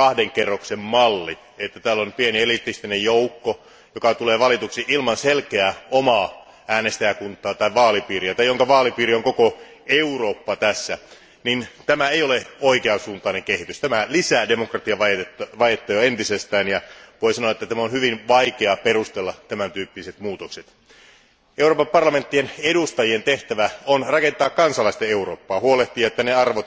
Speaker 5: kahden kerroksen malli että täällä on pieni elitistinen joukko joka tulee valituksi ilman selkeää omaa äänestäjäkuntaa tai vaalipiiriä tai jonka vaalipiiri on koko eurooppa tässä niin tämä ei ole oikeansuuntainen kehitys. tämä lisää demokratiavajetta jo entisestään ja voi sanoa että on hyvin vaikea perustella tämän tyyppiset muutokset. euroopan parlamenttien edustajien tehtävä on rakentaa kansalaisten eurooppaa huolehtia että ne arvot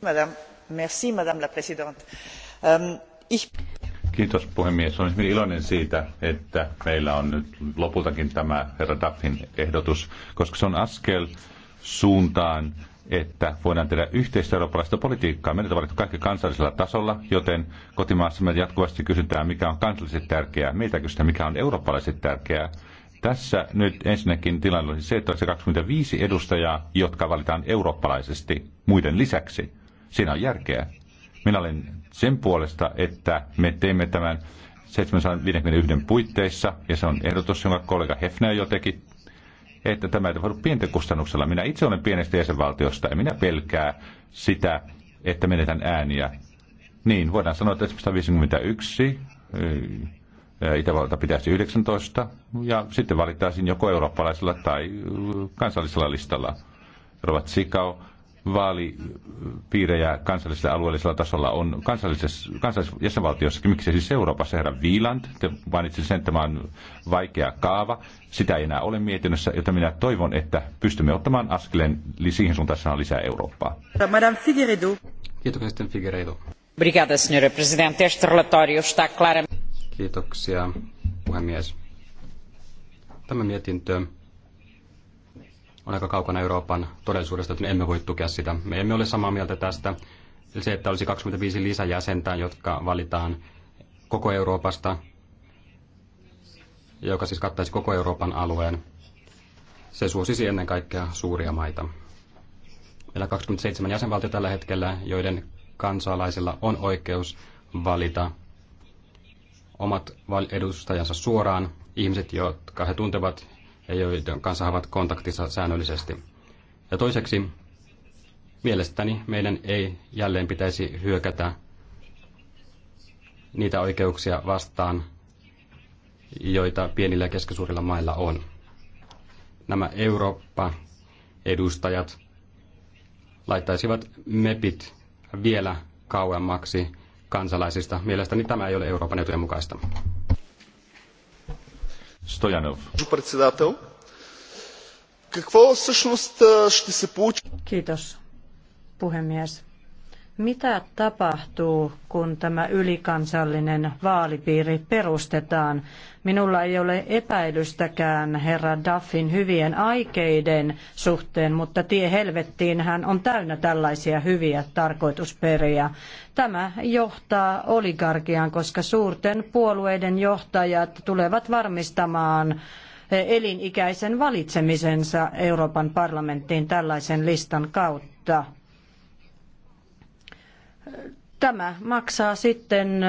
Speaker 7: Madame, la présidente. Euh,
Speaker 9: Kiitos Olen hyvin iloinen siitä, että meillä on nyt lopultakin tämä herra Duffin ehdotus, koska se on askel suuntaan, että voidaan tehdä yhteistä eurooppalaista politiikkaa. Meidät on valittu kaikki kansallisella tasolla, joten kotimaassa me jatkuvasti kysytään, mikä on kansallisesti tärkeää, meiltä kysytään, mikä on eurooppalaisesti tärkeää. Tässä nyt ensinnäkin tilanne olisi se, että olisi 25 edustajaa, jotka valitaan eurooppalaisesti muiden lisäksi. Siinä on järkeä. Minä olen sen puolesta, että me teimme tämän 751 puitteissa, ja se on ehdotus, jonka kollega Hefner jo teki, että tämä ei tapahdu pienten kustannuksella. Minä itse olen pienestä jäsenvaltiosta, ja minä pelkää sitä, että menetän ääniä. Niin, voidaan sanoa, että 151 Itävalta pitäisi 19 ja sitten valittaisiin joko eurooppalaisella tai kansallisella listalla. Rovat vaalipiirejä kansallisella alueellisella tasolla on kansallisessa, kansallisessa jäsenvaltiossa, miksi siis Euroopassa, herra Viiland, te mainitsitte sen, että tämä on vaikea kaava, sitä ei enää ole mietinnössä, jota minä toivon, että pystymme ottamaan askeleen siihen suuntaan, on lisää Eurooppaa.
Speaker 6: Madame Figueredo.
Speaker 9: Kiitoksia sitten Figueredo.
Speaker 6: Obrigada, senhora Presidente. Este relatório está claramente...
Speaker 2: Kiitoksia, puhemies. Tämä mietintö on aika kaukana Euroopan todellisuudesta, että me emme voi tukea sitä. Me emme ole samaa mieltä tästä. Se, että olisi 25 lisäjäsentä, jotka valitaan koko Euroopasta, joka siis kattaisi koko Euroopan alueen, se suosisi ennen kaikkea suuria maita. Meillä on 27 jäsenvaltiota tällä hetkellä, joiden kansalaisilla on oikeus valita omat edustajansa suoraan, ihmiset, jotka he tuntevat ja joiden kanssa he ovat kontaktissa säännöllisesti. Ja toiseksi, mielestäni meidän ei jälleen pitäisi hyökätä niitä oikeuksia vastaan, joita pienillä ja keskisuurilla mailla on. Nämä Eurooppa-edustajat laittaisivat MEPit vielä kauemmaksi kansalaisista. Mielestäni tämä ei ole Euroopan etujen mukaista.
Speaker 9: Stojanov. Kiitos,
Speaker 8: puhemies. Mitä tapahtuu, kun tämä ylikansallinen vaalipiiri perustetaan? Minulla ei ole epäilystäkään herra Duffin hyvien aikeiden suhteen, mutta tie helvettiin hän on täynnä tällaisia hyviä tarkoitusperiä. Tämä johtaa oligarkiaan, koska suurten puolueiden johtajat tulevat varmistamaan elinikäisen valitsemisensa Euroopan parlamenttiin tällaisen listan kautta Tämä maksaa sitten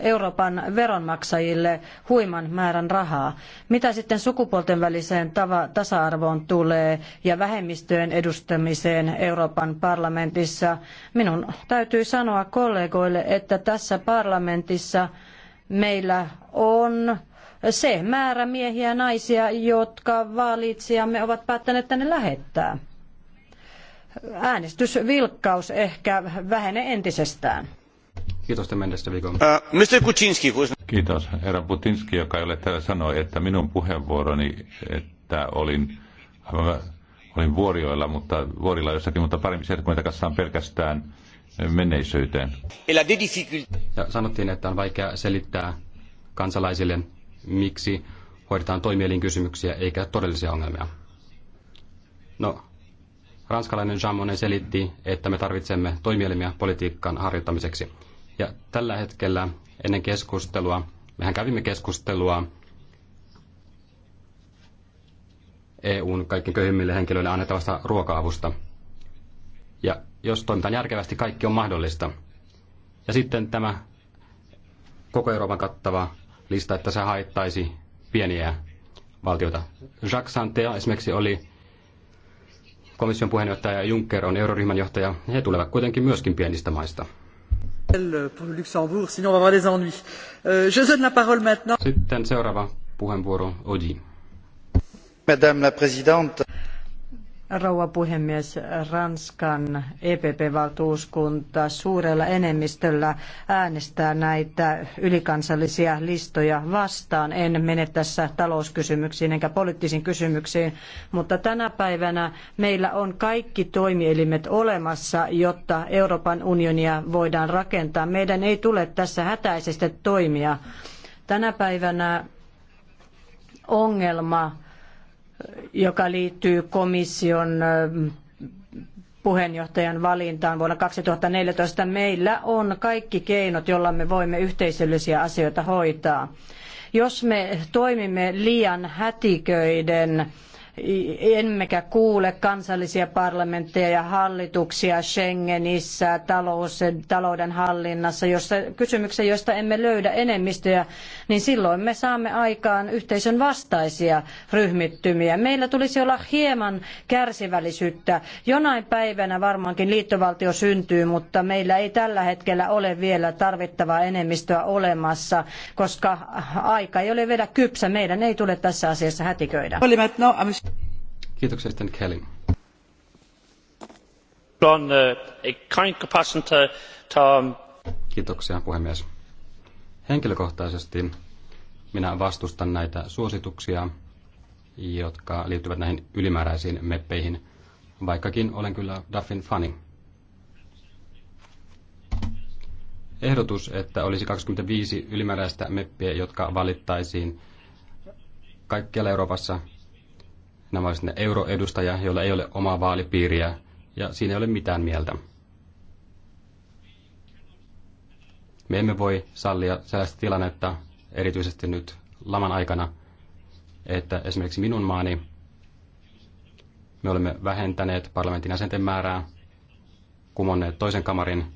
Speaker 8: Euroopan veronmaksajille huiman määrän rahaa. Mitä sitten sukupuolten väliseen tasa-arvoon tulee ja vähemmistöjen edustamiseen Euroopan parlamentissa? Minun täytyy sanoa kollegoille, että tässä parlamentissa meillä on se määrä miehiä ja naisia, jotka valitsijamme ovat päättäneet tänne lähettää äänestysvilkkaus ehkä vähenee entisestään.
Speaker 2: Kiitos tämän tästä viikon.
Speaker 9: Uh, äh, Mr. Kuczynski, was... Kiitos. Herra Putinski, joka ei ole täällä sanoi, että minun puheenvuoroni, että olin, olin vuorioilla, mutta vuorilla jossakin, mutta paremmin sieltä kuin katsotaan pelkästään menneisyyteen.
Speaker 2: Ja sanottiin, että on vaikea selittää kansalaisille, miksi hoidetaan toimielinkysymyksiä eikä todellisia ongelmia. No, ranskalainen Jean Monnet selitti, että me tarvitsemme toimielimiä politiikan harjoittamiseksi. Ja tällä hetkellä ennen keskustelua, mehän kävimme keskustelua EUn kaikkein köyhimmille henkilöille annettavasta ruoka-avusta. Ja jos toimitaan järkevästi, kaikki on mahdollista. Ja sitten tämä koko Euroopan kattava lista, että se haittaisi pieniä valtioita. Jacques Santea esimerkiksi oli komission puheenjohtaja Juncker on euroryhmän johtaja. He tulevat kuitenkin myöskin pienistä maista. Euh, Sitten seuraava puheenvuoro Odi. Madame la présidente
Speaker 8: rouva puhemies, Ranskan EPP-valtuuskunta suurella enemmistöllä äänestää näitä ylikansallisia listoja vastaan. En mene tässä talouskysymyksiin enkä poliittisiin kysymyksiin, mutta tänä päivänä meillä on kaikki toimielimet olemassa, jotta Euroopan unionia voidaan rakentaa. Meidän ei tule tässä hätäisesti toimia. Tänä päivänä ongelma joka liittyy komission puheenjohtajan valintaan vuonna 2014. Meillä on kaikki keinot, joilla me voimme yhteisöllisiä asioita hoitaa. Jos me toimimme liian hätiköiden, emmekä kuule kansallisia parlamentteja ja hallituksia Schengenissä, talous, talouden hallinnassa, jossa kysymyksiä, joista emme löydä enemmistöjä, niin silloin me saamme aikaan yhteisön vastaisia ryhmittymiä. Meillä tulisi olla hieman kärsivällisyyttä. Jonain päivänä varmaankin liittovaltio syntyy, mutta meillä ei tällä hetkellä ole vielä tarvittavaa enemmistöä olemassa, koska aika ei ole vielä kypsä. Meidän ei tule tässä asiassa hätiköidä.
Speaker 2: Kiitoksia sitten Kelly.
Speaker 8: Uh, um,
Speaker 2: Kiitoksia puhemies. Henkilökohtaisesti minä vastustan näitä suosituksia, jotka liittyvät näihin ylimääräisiin meppeihin, vaikkakin olen kyllä Duffin fani. Ehdotus, että olisi 25 ylimääräistä meppiä, jotka valittaisiin kaikkialla Euroopassa Nämä ovat ne euroedustajia, joilla ei ole omaa vaalipiiriä, ja siinä ei ole mitään mieltä. Me emme voi sallia sellaista tilannetta, erityisesti nyt laman aikana, että esimerkiksi minun maani, me olemme vähentäneet parlamentin jäsenten määrää, kumonneet toisen kamarin,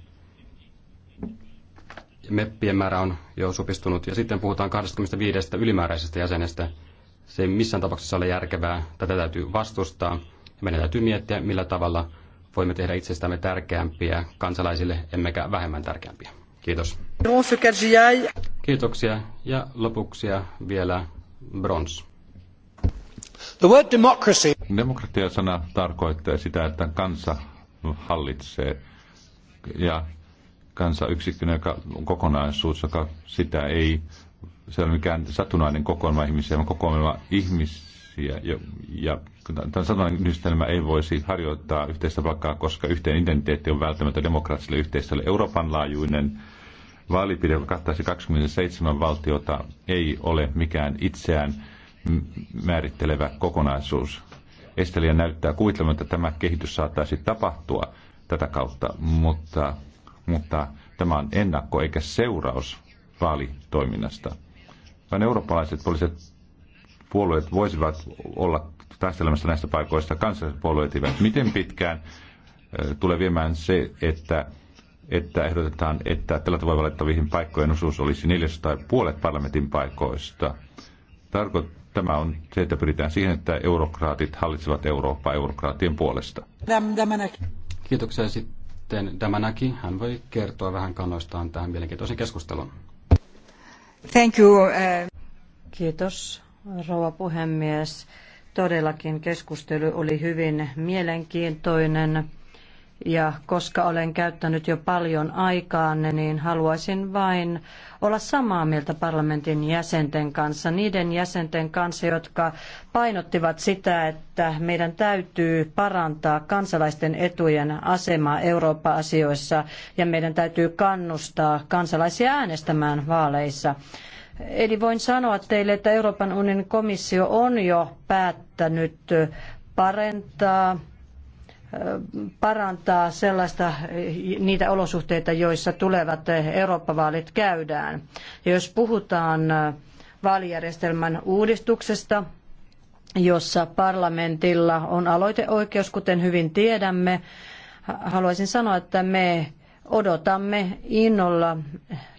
Speaker 2: meppien määrä on jo supistunut, ja sitten puhutaan 25 ylimääräisestä jäsenestä, se ei missään tapauksessa ole järkevää. Tätä täytyy vastustaa. Meidän täytyy miettiä, millä tavalla voimme tehdä itsestämme tärkeämpiä kansalaisille, emmekä vähemmän tärkeämpiä. Kiitos. Kiitoksia. Ja lopuksi vielä
Speaker 9: brons. The word democracy. Demokratia-sana tarkoittaa sitä, että kansa hallitsee ja kansa yksikkönä, kokonaisuus, joka sitä ei se on mikään satunnainen kokoelma ihmisiä, vaan kokoelma ihmisiä. Ja, ja tämä satunnainen yhdistelmä ei voisi harjoittaa yhteistä vakaa, koska yhteen identiteetti on välttämätön demokraattiselle yhteisölle. Euroopan laajuinen vaalipiiri, joka kattaisi 27 valtiota, ei ole mikään itseään määrittelevä kokonaisuus. Estelijä näyttää kuvitelman, että tämä kehitys saattaisi tapahtua tätä kautta, mutta, mutta tämä on ennakko eikä seuraus vaalitoiminnasta vain eurooppalaiset poliiset puolueet voisivat olla taistelemassa näistä paikoista, kansalliset puolueet eivät. Miten pitkään tulee viemään se, että, että ehdotetaan, että tällä tavoin valittavihin paikkojen osuus olisi neljäs tai puolet parlamentin paikoista? Tarko, tämä on se, että pyritään siihen, että eurokraatit hallitsevat Eurooppaa eurokraatien puolesta.
Speaker 2: Kiitoksia sitten Dämänäki. Hän voi kertoa vähän kannoistaan tähän mielenkiintoisen keskusteluun.
Speaker 8: Uh, Kiitos, rouva puhemies. Todellakin keskustelu oli hyvin mielenkiintoinen. Ja koska olen käyttänyt jo paljon aikaanne, niin haluaisin vain olla samaa mieltä parlamentin jäsenten kanssa, niiden jäsenten kanssa, jotka painottivat sitä, että meidän täytyy parantaa kansalaisten etujen asemaa Eurooppa-asioissa ja meidän täytyy kannustaa kansalaisia äänestämään vaaleissa. Eli voin sanoa teille, että Euroopan unionin komissio on jo päättänyt parantaa parantaa sellaista, niitä olosuhteita, joissa tulevat Eurooppa-vaalit käydään. Ja jos puhutaan vaalijärjestelmän uudistuksesta, jossa parlamentilla on aloiteoikeus, kuten hyvin tiedämme, haluaisin sanoa, että me odotamme innolla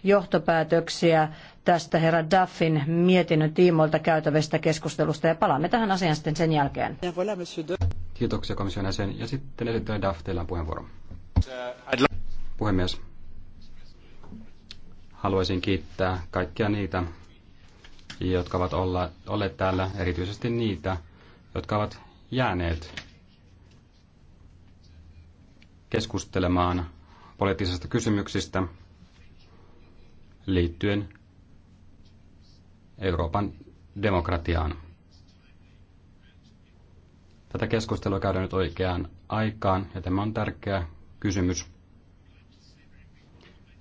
Speaker 8: johtopäätöksiä tästä herra Duffin mietinnön tiimoilta käytävästä keskustelusta ja palaamme tähän asiaan sitten sen jälkeen.
Speaker 2: Kiitoksia komission jäsen. Ja sitten esittelen DAF, teillä on puheenvuoro. Puhemies, haluaisin kiittää kaikkia niitä, jotka ovat olla, olleet täällä, erityisesti niitä, jotka ovat jääneet keskustelemaan poliittisista kysymyksistä liittyen Euroopan demokratiaan. Tätä keskustelua käydään nyt oikeaan aikaan, ja tämä on tärkeä kysymys.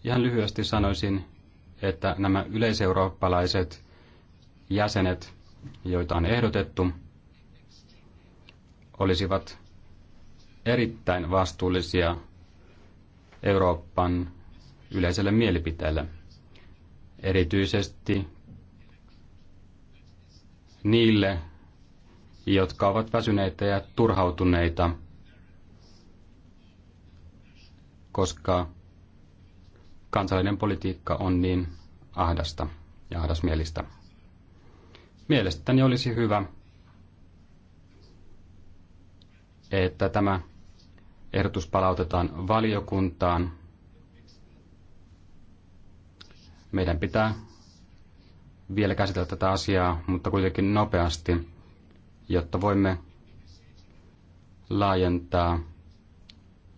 Speaker 2: Ihan lyhyesti sanoisin, että nämä yleiseurooppalaiset jäsenet, joita on ehdotettu, olisivat erittäin vastuullisia Euroopan yleiselle mielipiteelle. Erityisesti niille jotka ovat väsyneitä ja turhautuneita, koska kansallinen politiikka on niin ahdasta ja ahdasmielistä. Mielestäni olisi hyvä, että tämä ehdotus palautetaan valiokuntaan. Meidän pitää vielä käsitellä tätä asiaa, mutta kuitenkin nopeasti jotta voimme laajentaa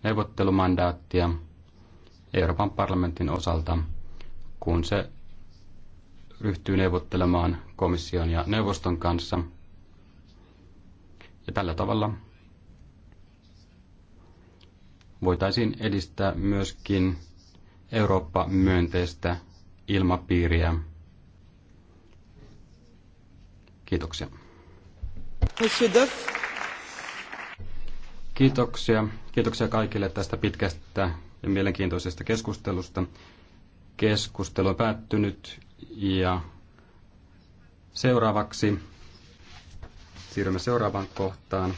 Speaker 2: neuvottelumandaattia Euroopan parlamentin osalta, kun se ryhtyy neuvottelemaan komission ja neuvoston kanssa. Ja tällä tavalla voitaisiin edistää myöskin Eurooppa-myönteistä ilmapiiriä. Kiitoksia. Kiitoksia. Kiitoksia kaikille tästä pitkästä ja mielenkiintoisesta keskustelusta. Keskustelu on päättynyt ja seuraavaksi siirrymme seuraavaan kohtaan,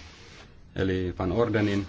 Speaker 2: eli Van Ordenin